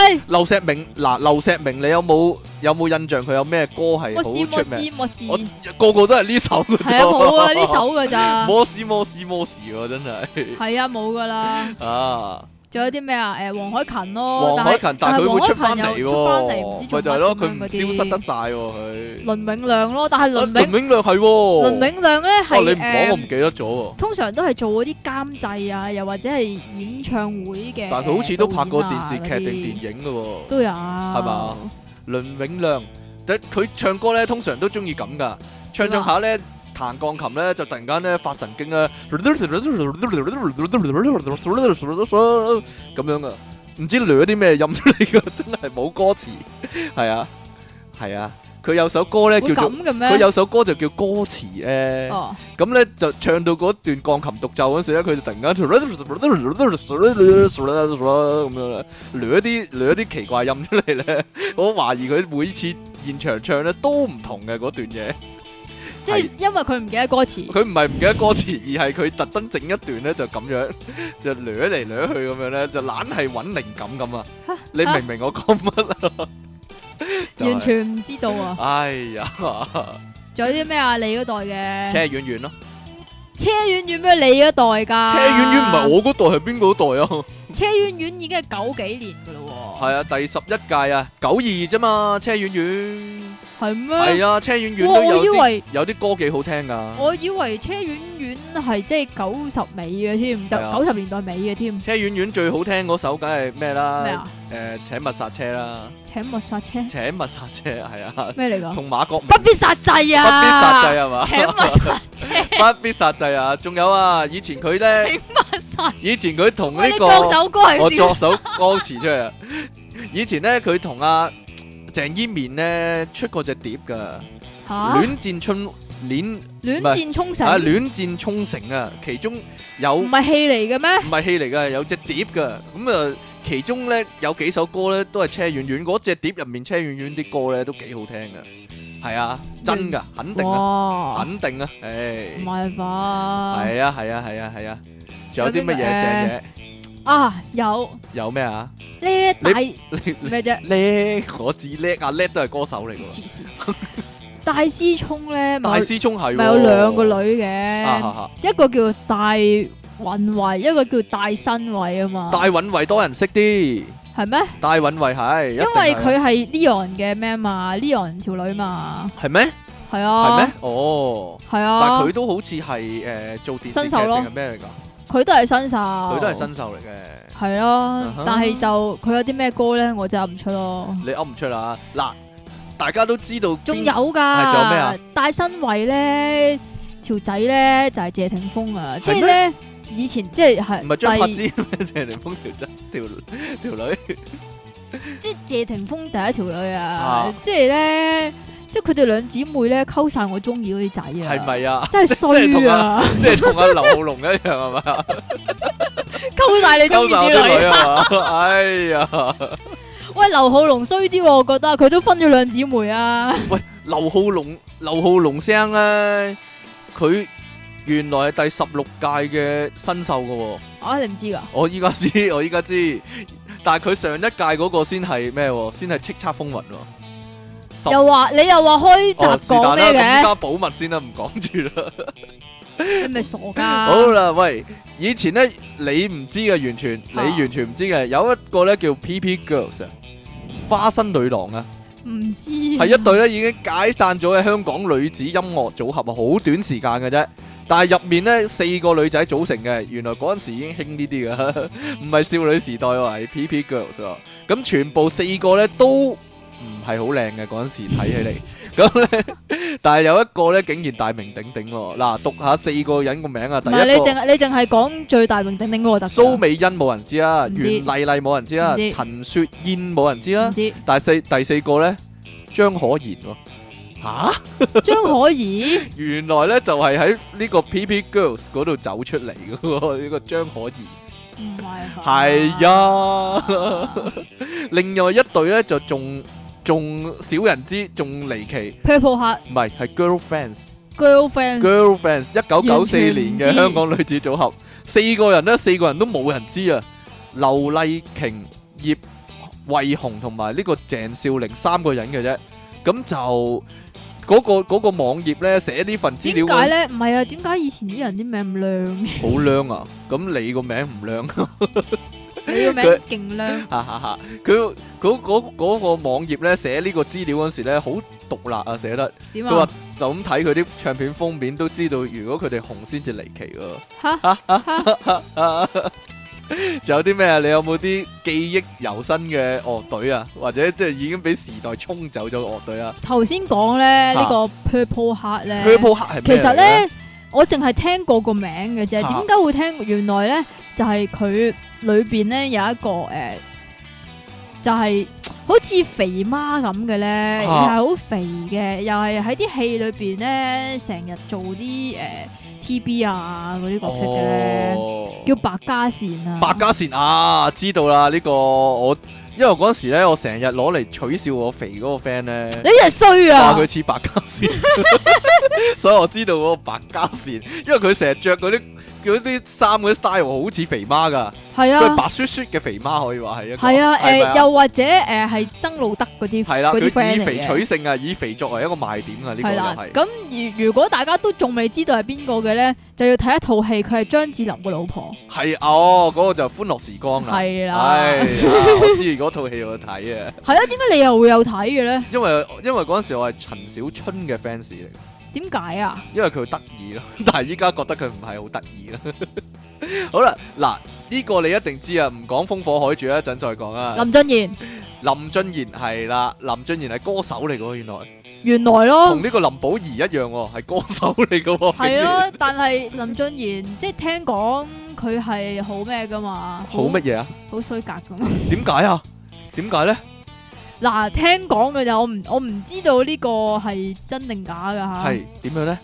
劉錫明嗱，劉錫明你有冇有冇印象佢有咩歌係好出名？摩斯摩斯摩斯，我個個都係呢首。係啊，冇啊，呢首噶咋？摩斯摩斯摩斯喎，真係。係啊，冇噶啦。啊。仲有啲咩啊？誒，黃凱芹咯，黃凱芹，但係黃凱芹會出翻嚟喎，咪就係咯，佢消失得晒喎佢。倫永亮咯，但係倫永亮係喎，倫永亮咧係誒，你唔講我唔記得咗喎，通常都係做嗰啲監製啊，又或者係演唱會嘅。但係佢好似都拍過電視劇定電影嘅喎，都有係嘛？倫永亮，佢唱歌咧通常都中意咁噶，唱唱下咧。彈鋼琴咧就突然間咧發神經啊，咁樣 啊，唔知唞啲咩音出嚟嘅，真係冇歌詞，係啊係啊，佢有首歌咧叫做佢有首歌就叫歌詞咧，咁咧、喔嗯、就唱到嗰段鋼琴獨奏嗰時咧，佢就突然間咁樣唞一啲唞一啲奇怪音出嚟咧， 我懷疑佢每次現場唱咧都唔同嘅，嗰段嘢。因為佢唔記得歌詞，佢唔係唔記得歌詞，而係佢特登整一段咧就咁樣就掠嚟掠去咁樣咧，就懶係搵靈感咁啊！你明唔明我講乜啊？完全唔知道啊！哎呀！仲有啲咩啊？你嗰代嘅車婉婉咯，車婉婉咩？你嗰代噶？車婉婉唔係我嗰代，係邊個嗰代啊？車婉婉已經係九幾年噶咯喎。係啊，第十一屆啊，九二啫嘛，車婉婉。係咩？係啊，車婉婉都有。我以為有啲歌幾好聽噶。我以為車婉婉係即係九十尾嘅添，就九十年代尾嘅添。車婉婉最好聽嗰首梗係咩啦？咩啊？誒，請勿剎車啦！請勿剎車！請勿剎車，係啊！咩嚟噶？同馬國不必剎掣啊！不必剎掣係嘛？請勿剎車！不必剎掣啊！仲有啊，以前佢咧，請勿剎車。以前佢同呢個作首歌係我作首歌詞出嚟。啊！以前咧佢同阿。鄭伊綿咧出過隻碟噶，《戀戰沖戀戀戰沖繩》啊，《戀戰沖繩》啊，其中有唔係戲嚟嘅咩？唔係戲嚟噶，有隻碟噶。咁啊，其中咧有幾首歌咧，都係車婉婉嗰隻碟入面，車婉婉啲歌咧都幾好聽噶。係啊，真噶，肯定啊，肯定啊，唉，唔係吧？係啊，係啊，係啊，係啊，仲有啲乜嘢？啊，有有咩啊？叻大咩啫叻，我知叻。啊叻，都係歌手嚟㗎。戴思聰咧，戴思聰係咪有兩個女嘅，一個叫戴韻慧，一個叫戴新慧啊嘛。戴韻慧多人識啲係咩？戴韻慧係因為佢係 Leon 嘅咩嘛，Leon 條女嘛。係咩？係啊。係咩？哦係啊，但係佢都好似係誒做電視嘅定係咩嚟噶？佢都係新秀，佢都係新秀嚟嘅。係咯、啊，uh huh. 但係就佢有啲咩歌咧，我就噏唔出咯。你噏唔出啦，嗱，大家都知道。仲有噶，仲有咩啊？戴新圍咧，條仔咧就係、是、謝霆鋒啊！嗎即係咧，以前即係係。唔係張柏芝，咩？ 謝霆鋒條仔條條女。即係謝霆鋒第一條女啊！即係咧。Huh. 即係佢哋兩姊妹咧，溝晒我中意嗰啲仔啊，係咪啊？真係衰啊！即係同阿劉浩龍一樣係嘛？溝晒 你中意啲女啊！ 哎呀！喂，劉浩龍衰啲， 我覺得佢都分咗兩姊妹啊！喂，劉浩龍，劉浩龍聲咧，佢原來係第十六屆嘅新秀噶、哦。啊，你唔知噶、啊？我依家知，我依家知。但係佢上一屆嗰個先係咩？先係叱咤風雲。又話你又話開閘講咩嘅？依家保密先啦，唔講住啦。你咪傻噶？好啦，喂，以前呢你唔知嘅，完全你完全唔知嘅。有一個呢叫 PP Girls，花生女郎啊，唔知係一隊呢已經解散咗嘅香港女子音樂組合啊，好短時間嘅啫。但係入面呢四個女仔組成嘅，原來嗰陣時已經興呢啲㗎，唔係少女時代喎，係 PP Girls。咁全部四個呢都。唔係好靚嘅嗰陣時睇起嚟，咁咧，但係有一個咧竟然大名鼎鼎喎。嗱，讀下四個人個名啊，第一個，唔係你淨係你淨係講最大名鼎鼎嗰個特蘇美欣冇人知啊，袁麗麗冇人知啊，陳雪燕冇人知啦，第四第四個咧，張可然喎，吓，張可然，原來咧就係喺呢個 PP Girls 嗰度走出嚟嘅喎，呢個張可然，唔係，係啊，另外一隊咧就仲。仲少人知，仲離奇。Purple 客唔係，係 Girlfriends。Girlfriends。Girlfriends 一九九四年嘅香港女子組合，四個人咧，四個人都冇人知啊。劉麗瓊、葉慧紅同埋呢個鄭少玲三個人嘅啫。咁就嗰個嗰個網頁咧寫呢份資料。點解咧？唔係啊？點解以前啲人啲名唔靚？好靚啊！咁你個名唔靚。佢個名勁叻，哈哈哈！佢嗰嗰嗰個網頁咧寫呢個資料嗰時咧，好獨立啊，寫得。點啊樣？佢話就咁睇佢啲唱片封面都知道，如果佢哋紅先至離奇喎。哈 有啲咩啊？你有冇啲記憶猶新嘅樂隊啊？或者即係已經俾時代沖走咗樂隊啊？頭先講咧呢、呢個 Purple Heart 咧，Purple Heart 係咩啊？其實咧。我淨係聽過個名嘅啫，點解、啊、會聽？原來咧就係、是、佢裏邊咧有一個誒、呃，就係、是、好似肥媽咁嘅咧，又係好肥嘅，又係喺啲戲裏邊咧成日做啲誒 T B 啊嗰啲角色嘅咧，哦、叫白嘉善、啊、善啊。白嘉善啊，知道啦呢、這個我，因為嗰時咧我成日攞嚟取笑我肥嗰個 friend 咧，你真係衰啊，佢似白嘉善。 所以我知道嗰個白嘉善，因為佢成日着嗰啲嗰啲衫嗰啲 style 好似肥媽噶，係啊，佢白雪雪嘅肥媽可以話係一個，係啊，誒，又或者誒係曾路德嗰啲，係啦，佢以肥取勝啊，以肥作為一個賣點啊，呢個又係。咁如如果大家都仲未知道係邊個嘅咧，就要睇一套戲，佢係張智霖嘅老婆。係哦，嗰個就《歡樂時光》啊。係啦，我知嗰套戲我睇啊。係啊，點解你又會有睇嘅咧？因為因為嗰陣時我係陳小春嘅 fans 嚟。點解啊？因為佢得意咯，但係依家覺得佢唔係好得意啦。好啦，嗱呢個你一定知啊，唔講風火海住啦，一陣再講啊。林俊賢，林俊賢係啦，林俊賢係歌手嚟噶，原來原來咯，同呢個林保怡一樣，係歌手嚟噶。係咯，但係林俊賢即係聽講佢係好咩噶嘛？好乜嘢啊？好衰格噶嘛？點解啊？點解咧？嗱，聽講嘅就我唔我唔知道個、啊、呢個係真定假噶吓，係點樣咧？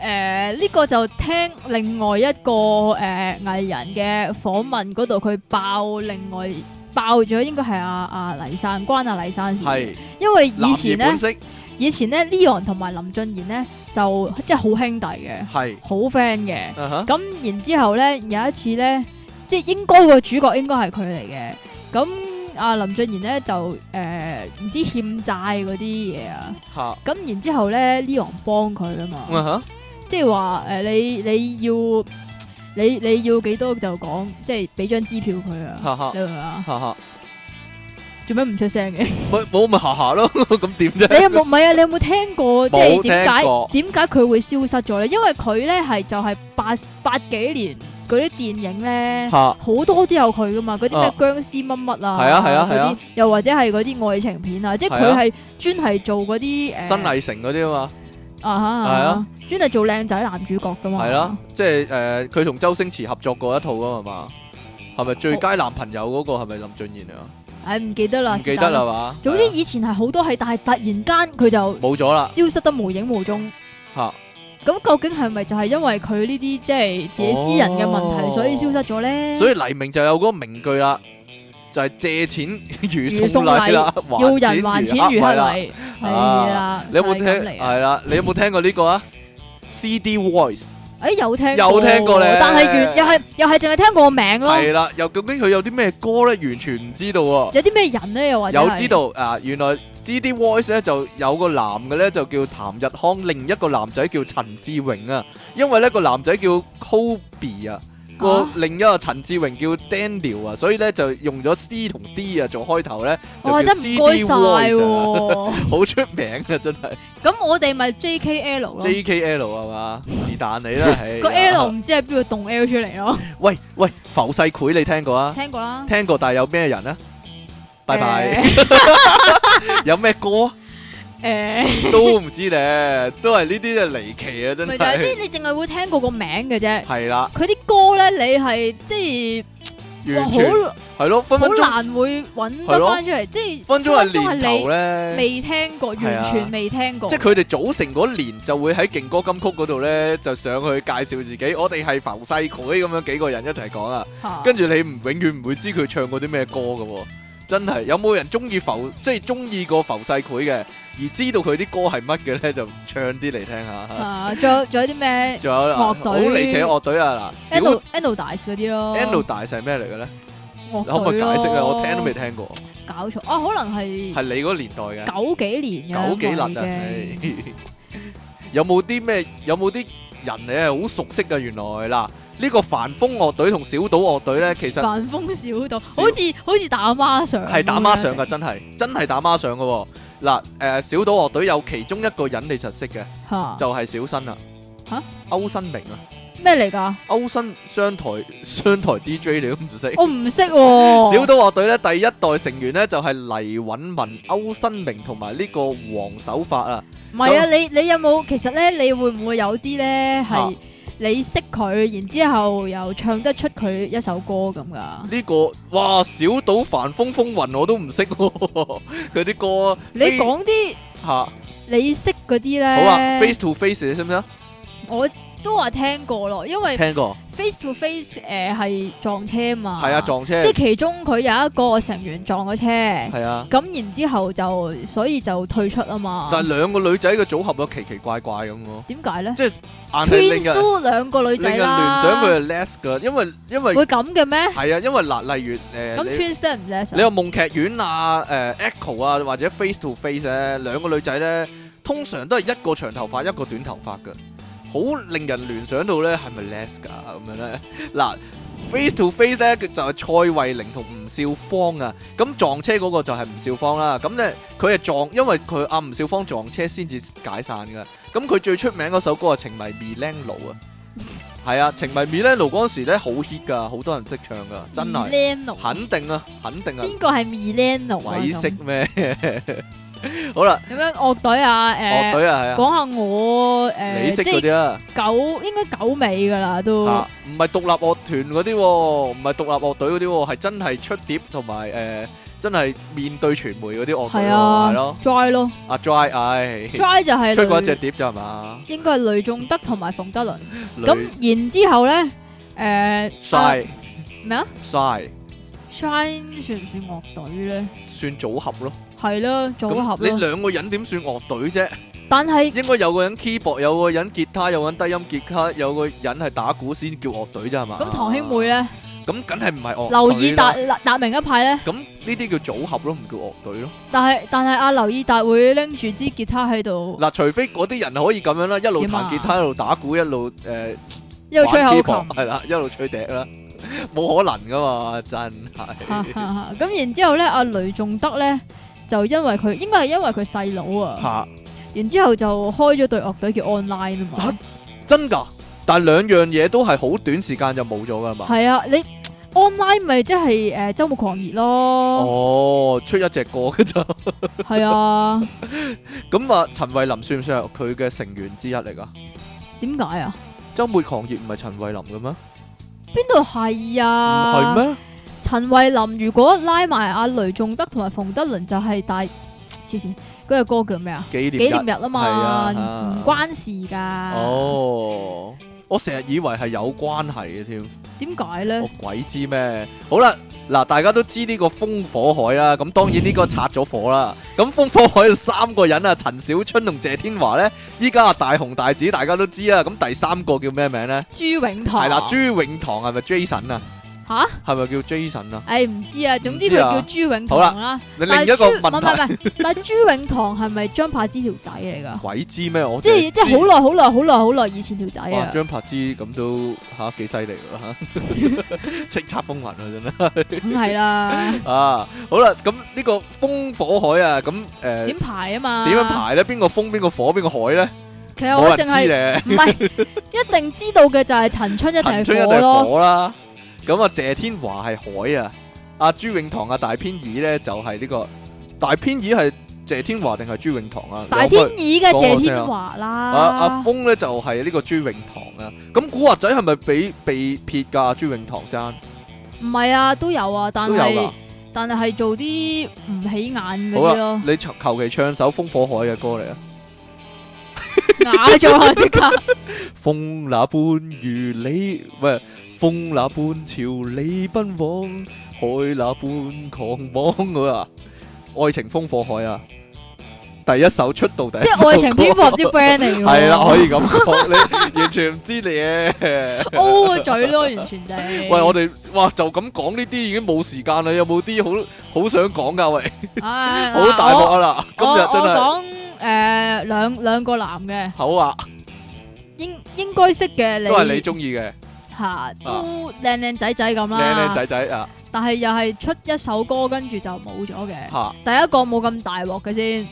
誒，呢個就聽另外一個誒藝、呃、人嘅訪問嗰度，佢爆另外爆咗、啊，應該係阿阿黎山關阿、啊、黎山事，係是因為以前咧，以前咧 Leon 同埋林俊賢咧就即係好兄弟嘅，係好是 friend 嘅，咁、uh huh. 然之後咧有一次咧，即係應該個主角應該係佢嚟嘅，咁。阿林俊賢咧就誒唔、呃、知欠債嗰啲嘢啊，咁 然之後咧呢行幫佢啊嘛，即係話誒你你要你你要幾多就講，即係俾張支票佢啊哈，你明啊，做咩唔出聲嘅？冇咪下下咯，咁點啫？你有冇？唔係啊，你有冇聽過？即係點解點解佢會消失咗咧？因為佢咧係就係、是、八八幾年。嗰啲電影咧，好多都有佢噶嘛，嗰啲咩僵屍乜乜啊，係啊係啊係啊，又或者係嗰啲愛情片啊，即係佢係專係做嗰啲誒，新麗城嗰啲啊嘛，啊嚇，係啊，專係做靚仔男主角噶嘛，係咯，即係誒，佢同周星馳合作過一套噶係嘛，係咪最佳男朋友嗰個係咪林俊賢啊？唉唔記得啦，唔記得啦嘛，總之以前係好多係，但係突然間佢就冇咗啦，消失得無影無蹤。咁究竟係咪就係因為佢呢啲即係自己私人嘅問題，所以消失咗咧？所以黎明就有嗰個名句啦，就係借錢如送禮啦，要人還錢如乞禮，係啊。你有冇聽？係啦，你有冇聽過呢個啊？CD Voice，哎，有聽，有聽過咧。但係又係又係淨係聽過個名咯。係啦，又究竟佢有啲咩歌咧？完全唔知道喎。有啲咩人咧？又話有知道啊？原來。C D Voice 咧，就有個男嘅，咧就叫譚日康，另一個男仔叫陳志榮啊。因為咧、那個男仔叫 Kobe 啊，啊，個另一個陳志榮叫 Daniel 啊，所以咧就用咗 C 同 D 啊做開頭咧，就叫 C D Voice，真係唔該晒喎，好出名啊真係。咁我哋咪 J K L 咯。J K L 係嘛？ 是但你啦，個 L 唔知係邊個動 L 出嚟咯。喂喂，浮世繪你聽過啊？聽過啦。聽過，但係有咩人呢？拜拜！有咩歌？誒，都唔知咧，都係呢啲啊離奇啊，真係即係你淨係會聽個個名嘅啫。係啦，佢啲歌咧，你係即係哇好係咯，好難會搵得翻出嚟。即係分分鐘都係你，未聽過，完全未聽過。即係佢哋組成嗰年，就會喺勁歌金曲嗰度咧，就上去介紹自己。我哋係浮世繪咁樣幾個人一齊講啊，跟住你唔永遠唔會知佢唱過啲咩歌噶。真係有冇人中意浮，即係中意過浮世繪嘅，而知道佢啲歌係乜嘅咧，就唔唱啲嚟聽下。啊，仲有仲有啲咩樂隊？好離奇嘅樂隊啊！嗱，Endo Endo Dice 嗰啲咯。Endo Dice 係咩嚟嘅咧？樂隊可唔可以解釋啊？我聽都未聽過。搞錯啊！可能係係你嗰個年代嘅九幾年嘅。九幾年啊！有冇啲咩？有冇啲人你係好熟悉嘅？原來啦。呢個凡風樂隊同小島樂隊呢，其實凡風小島好似好似打孖上，係打孖上㗎，真係真係打孖上㗎。嗱，誒小島樂隊有其中一個人你就識嘅，就係小新啦，嚇歐新明啊，咩嚟㗎？歐新，雙台雙台 DJ 你都唔識，我唔識喎。小島樂隊呢，第一代成員呢就係黎允文、歐新明同埋呢個黃守法啊。唔係啊，你你有冇其實呢，你會唔會有啲呢係？你識佢，然之後又唱得出佢一首歌咁㗎，這個？呢個哇，小島帆風風雲我都唔識喎，佢 啲歌。你講啲嚇，哈你識嗰啲咧？好啊，face to face，你識唔識啊？我。都話聽過咯，因為聽過 face to face 誒，係撞車嘛，係啊撞車，即係其中佢有一個成員撞咗車，係啊，咁然之後就所以就退出啊嘛。但係兩個女仔嘅組合都奇奇怪怪咁，點解咧？即係 twins 都兩個女仔啦，聯想佢係 less 噶，因為因為會咁嘅咩？係啊，因為嗱，例如誒，咁 twins 唔 less。你話夢劇院啊，誒 echo 啊，或者 face to face 咧，兩個女仔咧，通常都係一個長頭髮，一個短頭髮噶。好令人聯想到咧，係咪 Les 嘅咁樣咧？嗱 ，face to face 咧，就係、是、蔡慧玲同吳少芳啊。咁撞車嗰個就係吳少芳啦，啊。咁咧，佢係撞，因為佢阿吳少芳撞車先至解散㗎。咁佢最出名嗰首歌係情迷 Milano 啊。係 啊，情迷 Milano 嗰陣時咧，好 hit 㗎，好多人識唱㗎，真係。il 肯定啊，肯定啊。邊個係 Milano 啊？鬼識咩？ 好啦，咁樣樂隊啊，誒，樂隊啊，係啊，講下我誒，你識嗰啲啊九應該九尾噶啦，都唔係獨立樂團嗰啲，唔係獨立樂隊嗰啲，係真係出碟同埋誒，真係面對傳媒嗰啲樂隊咯，係咯，dry 咯，啊 dry 唉，dry 就係出過一隻碟咋係嘛，應該係雷頌德同埋馮德倫，咁然之後咧，誒，shine 咩啊，shine shine 算唔算樂隊咧？算組合咯。係咯，組合啦。你兩個人點算樂隊啫？但係應該有個人 keyboard，有個人吉他，有個人低音吉他，有個人係打鼓先叫樂隊啫，係嘛？咁堂兄妹咧？咁梗係唔係樂？劉以達達明一派咧？咁呢啲叫組合咯，唔叫樂隊咯。但係但係阿劉以達會拎住支吉他喺度。嗱，除非嗰啲人可以咁樣啦，一路彈吉他，一路打鼓，一路誒，一路吹口琴，係啦，一路吹笛啦，冇可能噶嘛，真係。咁然之後咧，阿雷仲德咧。就因為佢，應該係因為佢細佬啊。吓，然之後就開咗對樂隊叫 Online 啊嘛。吓，真噶？但係兩樣嘢都係好短時間就冇咗噶嘛？係啊，你 Online 咪即係誒周末狂熱咯。哦，出一隻歌噶咋？係啊。咁啊，陳慧琳算唔算係佢嘅成員之一嚟噶？點解啊？周末狂熱唔係陳慧琳嘅咩？邊度係啊？唔係咩？陳慧琳如果拉埋阿雷頌德同埋馮德倫就係大黐線，嗰個歌叫咩啊？紀念日啊嘛，係啊，唔關事噶。哦，我成日以為係有關係嘅添。點解咧？我鬼知咩？好啦，嗱，大家都知呢個風火海啦。咁當然呢個拆咗火啦。咁風火海有三個人啊，陳小春同謝天華咧，依家，大紅大紫，大家都知啊。咁第三個叫咩名咧？朱永棠係啦，朱永棠係咪 Jason 啊？吓，係咪叫 Jason 啊？誒，唔知啊，總之佢叫朱永棠啦。你另一個問下，唔唔唔，但朱永棠係咪張柏芝條仔嚟噶？鬼知咩？我即係即係好耐好耐好耐好耐以前條仔啊！張柏芝咁都吓幾犀利吓，叱咤風雲啊真係。咁係啦。啊，好啦，咁呢個風火海啊，咁誒，點排啊嘛？點樣排咧？邊個風？邊個火？邊個海咧？其實我淨係唔係一定知道嘅就係陳春一定係火咯。火啦。咁啊，謝天華係海啊，阿、啊、朱永棠、就是這個，啊，大天二咧就係呢個大天二係謝天華定係朱永棠啊？大天二嘅謝天華啦。阿阿峰咧就係、是、呢個朱永棠啊。咁古惑仔係咪俾被撇噶，啊？朱永棠生唔係啊，都有啊，但係、啊、但係係做啲唔起眼嗰啲咯。你求其唱首 flu,《風火海》嘅歌嚟啊！啞咗啊！即 刻 Jo an。風那般如你，喂。風那般朝你奔往，海那般狂往，我啊狂妄，愛情風火海啊！第一首出道第一首歌。即係愛情篇幅啲 friend 嚟。係啦，可以咁，完全唔知你嘅。O 個嘴咯，完全就係。喂，我哋哇就咁講呢啲已經冇時間啦，有冇啲好好想講噶喂？好大鑊啊啦，今日真係。我我講誒兩兩個男嘅。好啊，應應該識嘅，都係你中意嘅。吓都靚靚仔仔咁啦，靚靚仔仔啊！但係又係出一首歌，跟住就冇咗嘅。第一個冇咁大鑊嘅先，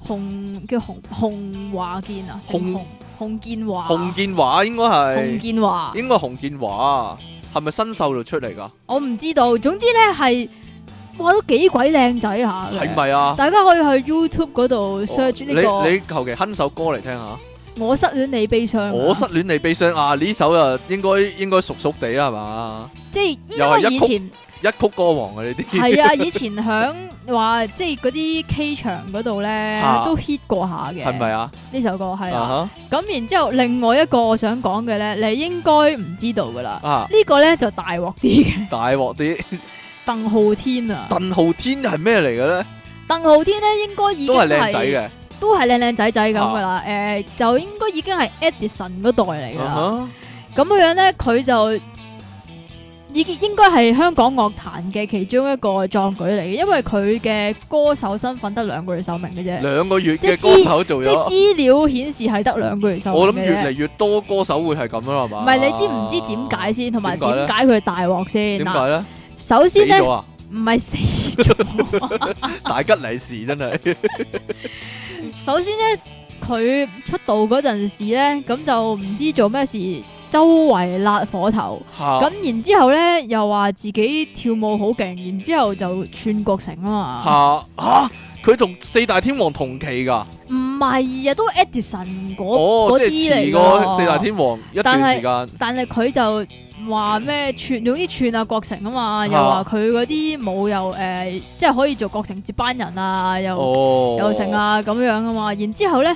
洪叫洪洪華健啊，洪洪建華，洪建華應該係洪建華，應該洪建華係咪新秀度出嚟噶？我唔知道，總之咧係哇都幾鬼靚仔吓，係咪啊？大家可以去 YouTube 嗰度 search 呢個，你你求其哼首歌嚟聽下。我失戀你悲傷，我失戀你悲傷啊！呢首啊，應該應該熟熟地啦，係嘛？即係又係以前一曲歌王啊，呢啲係啊！以前響話即係嗰啲 K 場嗰度咧都 hit 過下嘅，係咪啊？呢首歌係啊，咁然之後另外一個我想講嘅咧，你應該唔知道噶啦啊！呢個咧就大鑊啲嘅，大鑊啲鄧浩天啊！鄧浩天係咩嚟嘅咧？鄧浩天咧應該已經係靚仔嘅。都係靚靚仔仔咁噶啦，誒，就應該已經係 Edison 嗰代嚟噶啦。咁樣樣咧，佢就已經應該係香港樂壇嘅其中一個壯舉嚟嘅，因為佢嘅歌手身份得兩個月壽命嘅啫。兩個月嘅歌手做咗。即係資料顯示係得兩個月壽命。我諗越嚟越多歌手會係咁樣，係嘛？唔係你知唔知點解先？同埋點解佢大鑊先？點解咧？首先咧，唔係死咗，大吉利是真係。首先咧，佢出道嗰陣時咧，咁就唔知做咩事，周圍辣火頭。咁哈然之後咧，又話自己跳舞好勁，然之後就串國城啊嘛。吓吓，佢同四大天王同期㗎？唔係啊，都 Edison 嗰啲嚟四大天王一段時間，但係佢就。話咩串用啲串啊郭成啊嘛，又話佢嗰啲冇又誒，即係可以做郭成接班人啊，又、oh. 又成啊咁樣啊嘛。然之後咧，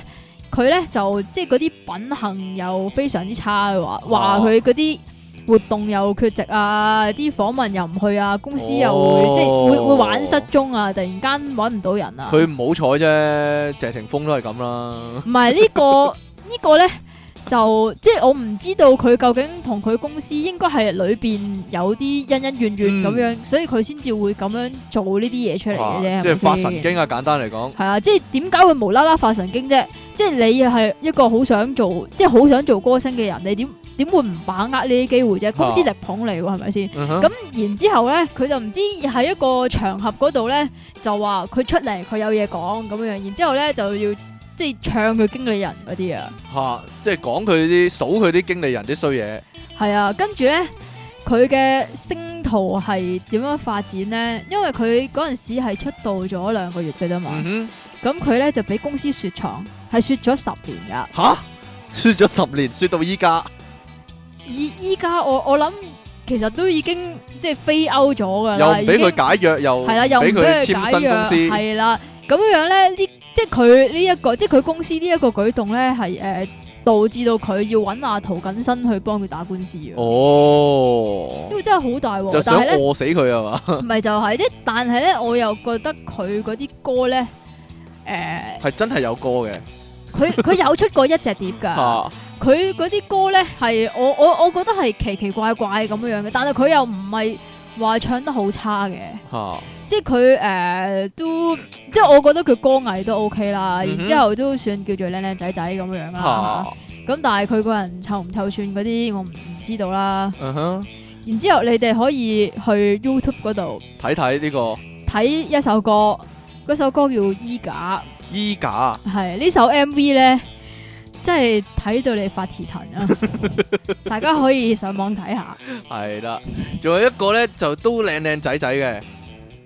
佢咧就即係嗰啲品行又非常之差話，話話佢嗰啲活動又缺席啊，啲訪問又唔去啊，公司又會、oh. 即係會會玩失蹤啊，突然間搵唔到人啊。佢唔好彩啫，謝霆鋒都係咁啦。唔係呢個呢個咧。就即係我唔知道佢究竟同佢公司應該係裏邊有啲恩恩怨怨咁、嗯、樣，所以佢先至會咁樣做呢啲嘢出嚟嘅啫。哇係咪先？即係發神經啊！簡單嚟講，係啊，即係點解會無啦啦發神經啫？即係你係一個好想做，即係好想做歌星嘅人，你點點會唔把握呢啲機會啫？公司力捧你喎，係咪先？咁、嗯、哼 然之後咧，佢就唔知喺一個場合嗰度咧，就話佢出嚟佢有嘢講咁樣，然之後咧就要。即係唱佢經理人嗰啲啊，吓！即係講佢啲數佢啲經理人啲衰嘢，係啊。跟住咧，佢嘅星途係點樣發展咧？因為佢嗰陣時係出道咗兩個月嘅啫嘛，咁佢咧就俾公司雪藏，係雪咗十年噶。吓、啊，雪咗十年，雪到依家。而依家我我諗其實都已經即係飛歐咗噶啦，又俾佢解約經又係啦，又唔俾佢簽新公司係啦，咁樣樣咧呢？即係佢呢一個，即係佢公司呢一個舉動咧，係誒、呃、導致到佢要揾阿涂謹申去幫佢打官司嘅。哦，因為真係好大鑊，就想餓死佢啊嘛？唔係就係啫，但係咧我又覺得佢嗰啲歌咧，誒、呃、係真係有歌嘅。佢 佢有出過一隻碟噶。佢嗰啲歌咧係我我我覺得係奇奇怪怪咁樣樣嘅，但係佢又唔係話唱得好差嘅。 即係佢誒，都即係我覺得佢歌藝都 OK 啦，嗯、哼 然之後都算叫做靚靚仔仔咁樣啦。咁、啊、但係佢個人臭唔臭串嗰啲，我唔知道啦。嗯、哼。然之後你哋可以去 YouTube 嗰度睇睇呢個，睇一首歌，嗰首歌叫《衣架》伊甲。衣架係呢首 MV 咧，即係睇到你發池騰啊！ 大家可以上網睇下。係啦，仲有一個咧，就都靚靚仔仔嘅。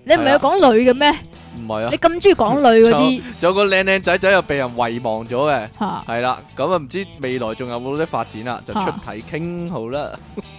你唔係是、啊、有講女嘅咩？唔係啊！你咁中意講女嗰啲，仲有個靚靚仔仔又被人遺忘咗嘅，係啦哈。咁啊，唔知未來仲有冇得發展啦，就出體傾好啦。哈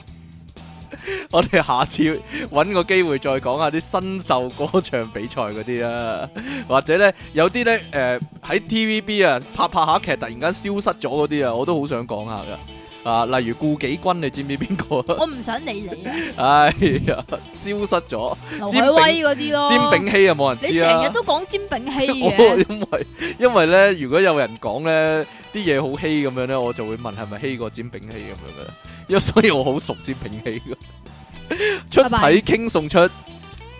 我哋下次搵個機會再講下啲新秀歌唱比賽嗰啲啊，或者咧有啲咧誒喺 T V B 啊拍拍下劇，突然間消失咗嗰啲啊，我都好想講下噶。啊，例如顧紀筠，你知唔知邊個？我唔想理你啊！哎呀，消失咗，劉海威嗰啲咯，詹炳希啊，冇人知啦。你成日都講詹炳希嘅。因為因為咧，如果有人講咧啲嘢好稀咁樣咧，我就會問係咪稀過詹炳希咁樣噶。因為所以我好熟詹炳希嘅。出體 King 送出，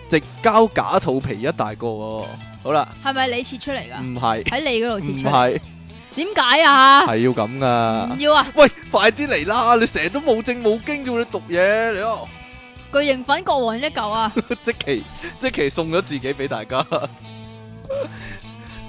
直交假肚皮一大個。好啦，係咪你切出嚟噶？唔係，喺你嗰度切出。點解啊？係要咁噶？要啊！喂，快啲嚟啦！你成日都冇正冇經，叫你讀嘢，你哦巨型粉國王一嚿啊！積淇，積淇送咗自己俾大家。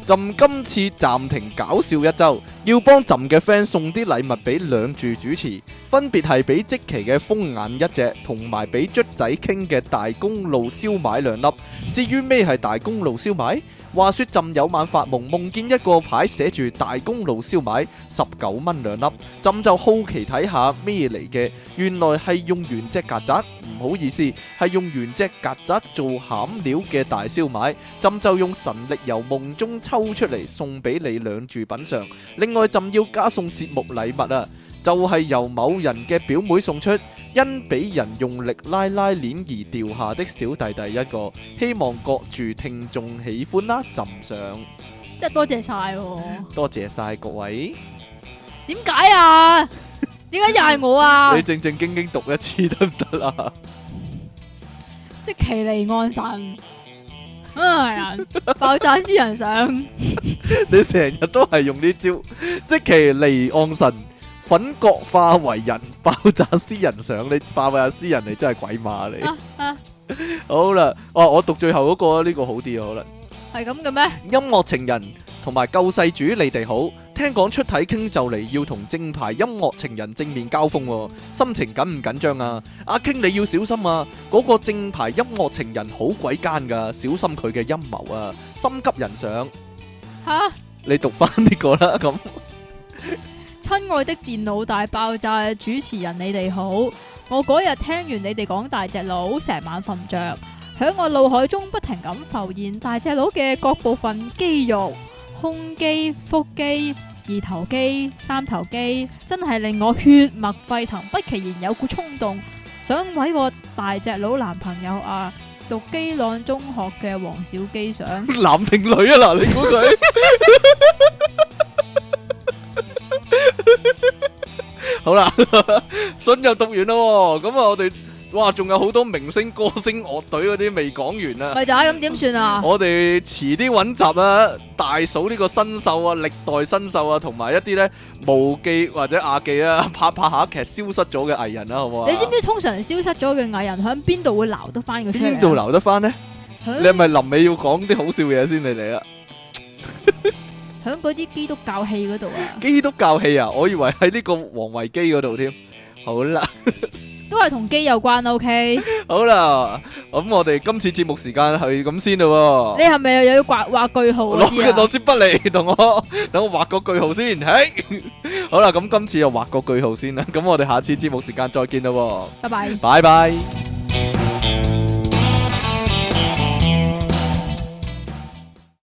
朕今次暫停搞笑一周，要幫朕嘅 friend 送啲禮物俾兩柱主持，分別係俾積淇嘅風眼一隻，同埋俾卒仔傾嘅大公路燒賣兩粒。至於咩係大公路燒賣？話說朕有晚發夢，夢見一個牌寫住大公路燒賣，十九蚊兩粒。朕就好奇睇下咩嚟嘅，原來係用原隻曱甴，唔好意思，係用原隻曱甴做餡料嘅大燒賣。朕就用神力由夢中抽出嚟送俾你兩住品嘗。另外，朕要加送節目禮物啊！就係由某人嘅表妹送出，因俾人用力拉拉鏈而掉下的小弟弟一個，希望各住聽眾喜歡啦。浸上，即係多謝晒，多謝晒各位。點解啊？點解又係我啊？你正正經經讀一次得唔得啊？積淇離岸神，係啊，爆炸私人相。你成日都係用呢招，積淇離岸神。粉國化為人，爆炸私人相，你化為啊私人，你真係鬼馬你。好啦，哦，我讀最後嗰個呢個好啲啊，可能係咁嘅咩？音樂情人同埋救世主，你哋好。聽講出體 king 就嚟要同正牌音樂情人正面交鋒，心情緊唔緊張啊？阿 king 你要小心啊！嗰個正牌音樂情人好鬼奸噶，小心佢嘅陰謀啊！心急人上，吓你讀翻呢個啦咁。親愛的電腦大爆炸主持人，你哋好！我嗰日聽完你哋講大隻佬，成晚瞓唔着，響我腦海中不停咁浮現大隻佬嘅各部分肌肉、胸肌、腹肌、二頭肌、三頭肌，真係令我血脈沸騰。不其然有股衝動，想搵個大隻佬男朋友啊！讀基朗中學嘅黃小基想男定女啊啦，你估佢？ 好啦， 信又讀完啦，咁啊，我哋哇，仲有好多明星、歌星、樂隊嗰啲未講完 麼麼啊。係就咁點算啊？我哋遲啲揾集啊，大嫂呢個新秀啊，歷代新秀啊，同埋一啲咧無記或者亞記啊，拍拍下劇消失咗嘅藝人啦、啊，好唔好、啊、你知唔知通常消失咗嘅藝人響邊度會留得翻嘅先？邊度留得翻呢？ 你係咪臨尾要講啲好笑嘢先你嚟啊？ 喺嗰啲基督教戲嗰度啊！基督教戲啊，我以為喺呢個王維基嗰度添。好啦，都係同基有關啦。O K，好啦，咁我哋今次節目時間係咁先咯。你係咪又要畫畫句號？攞支筆嚟，同我，等我畫個句號先。好啦，咁今次又畫個句號先啦。咁我哋下次節目時間再見咯。拜拜。拜拜。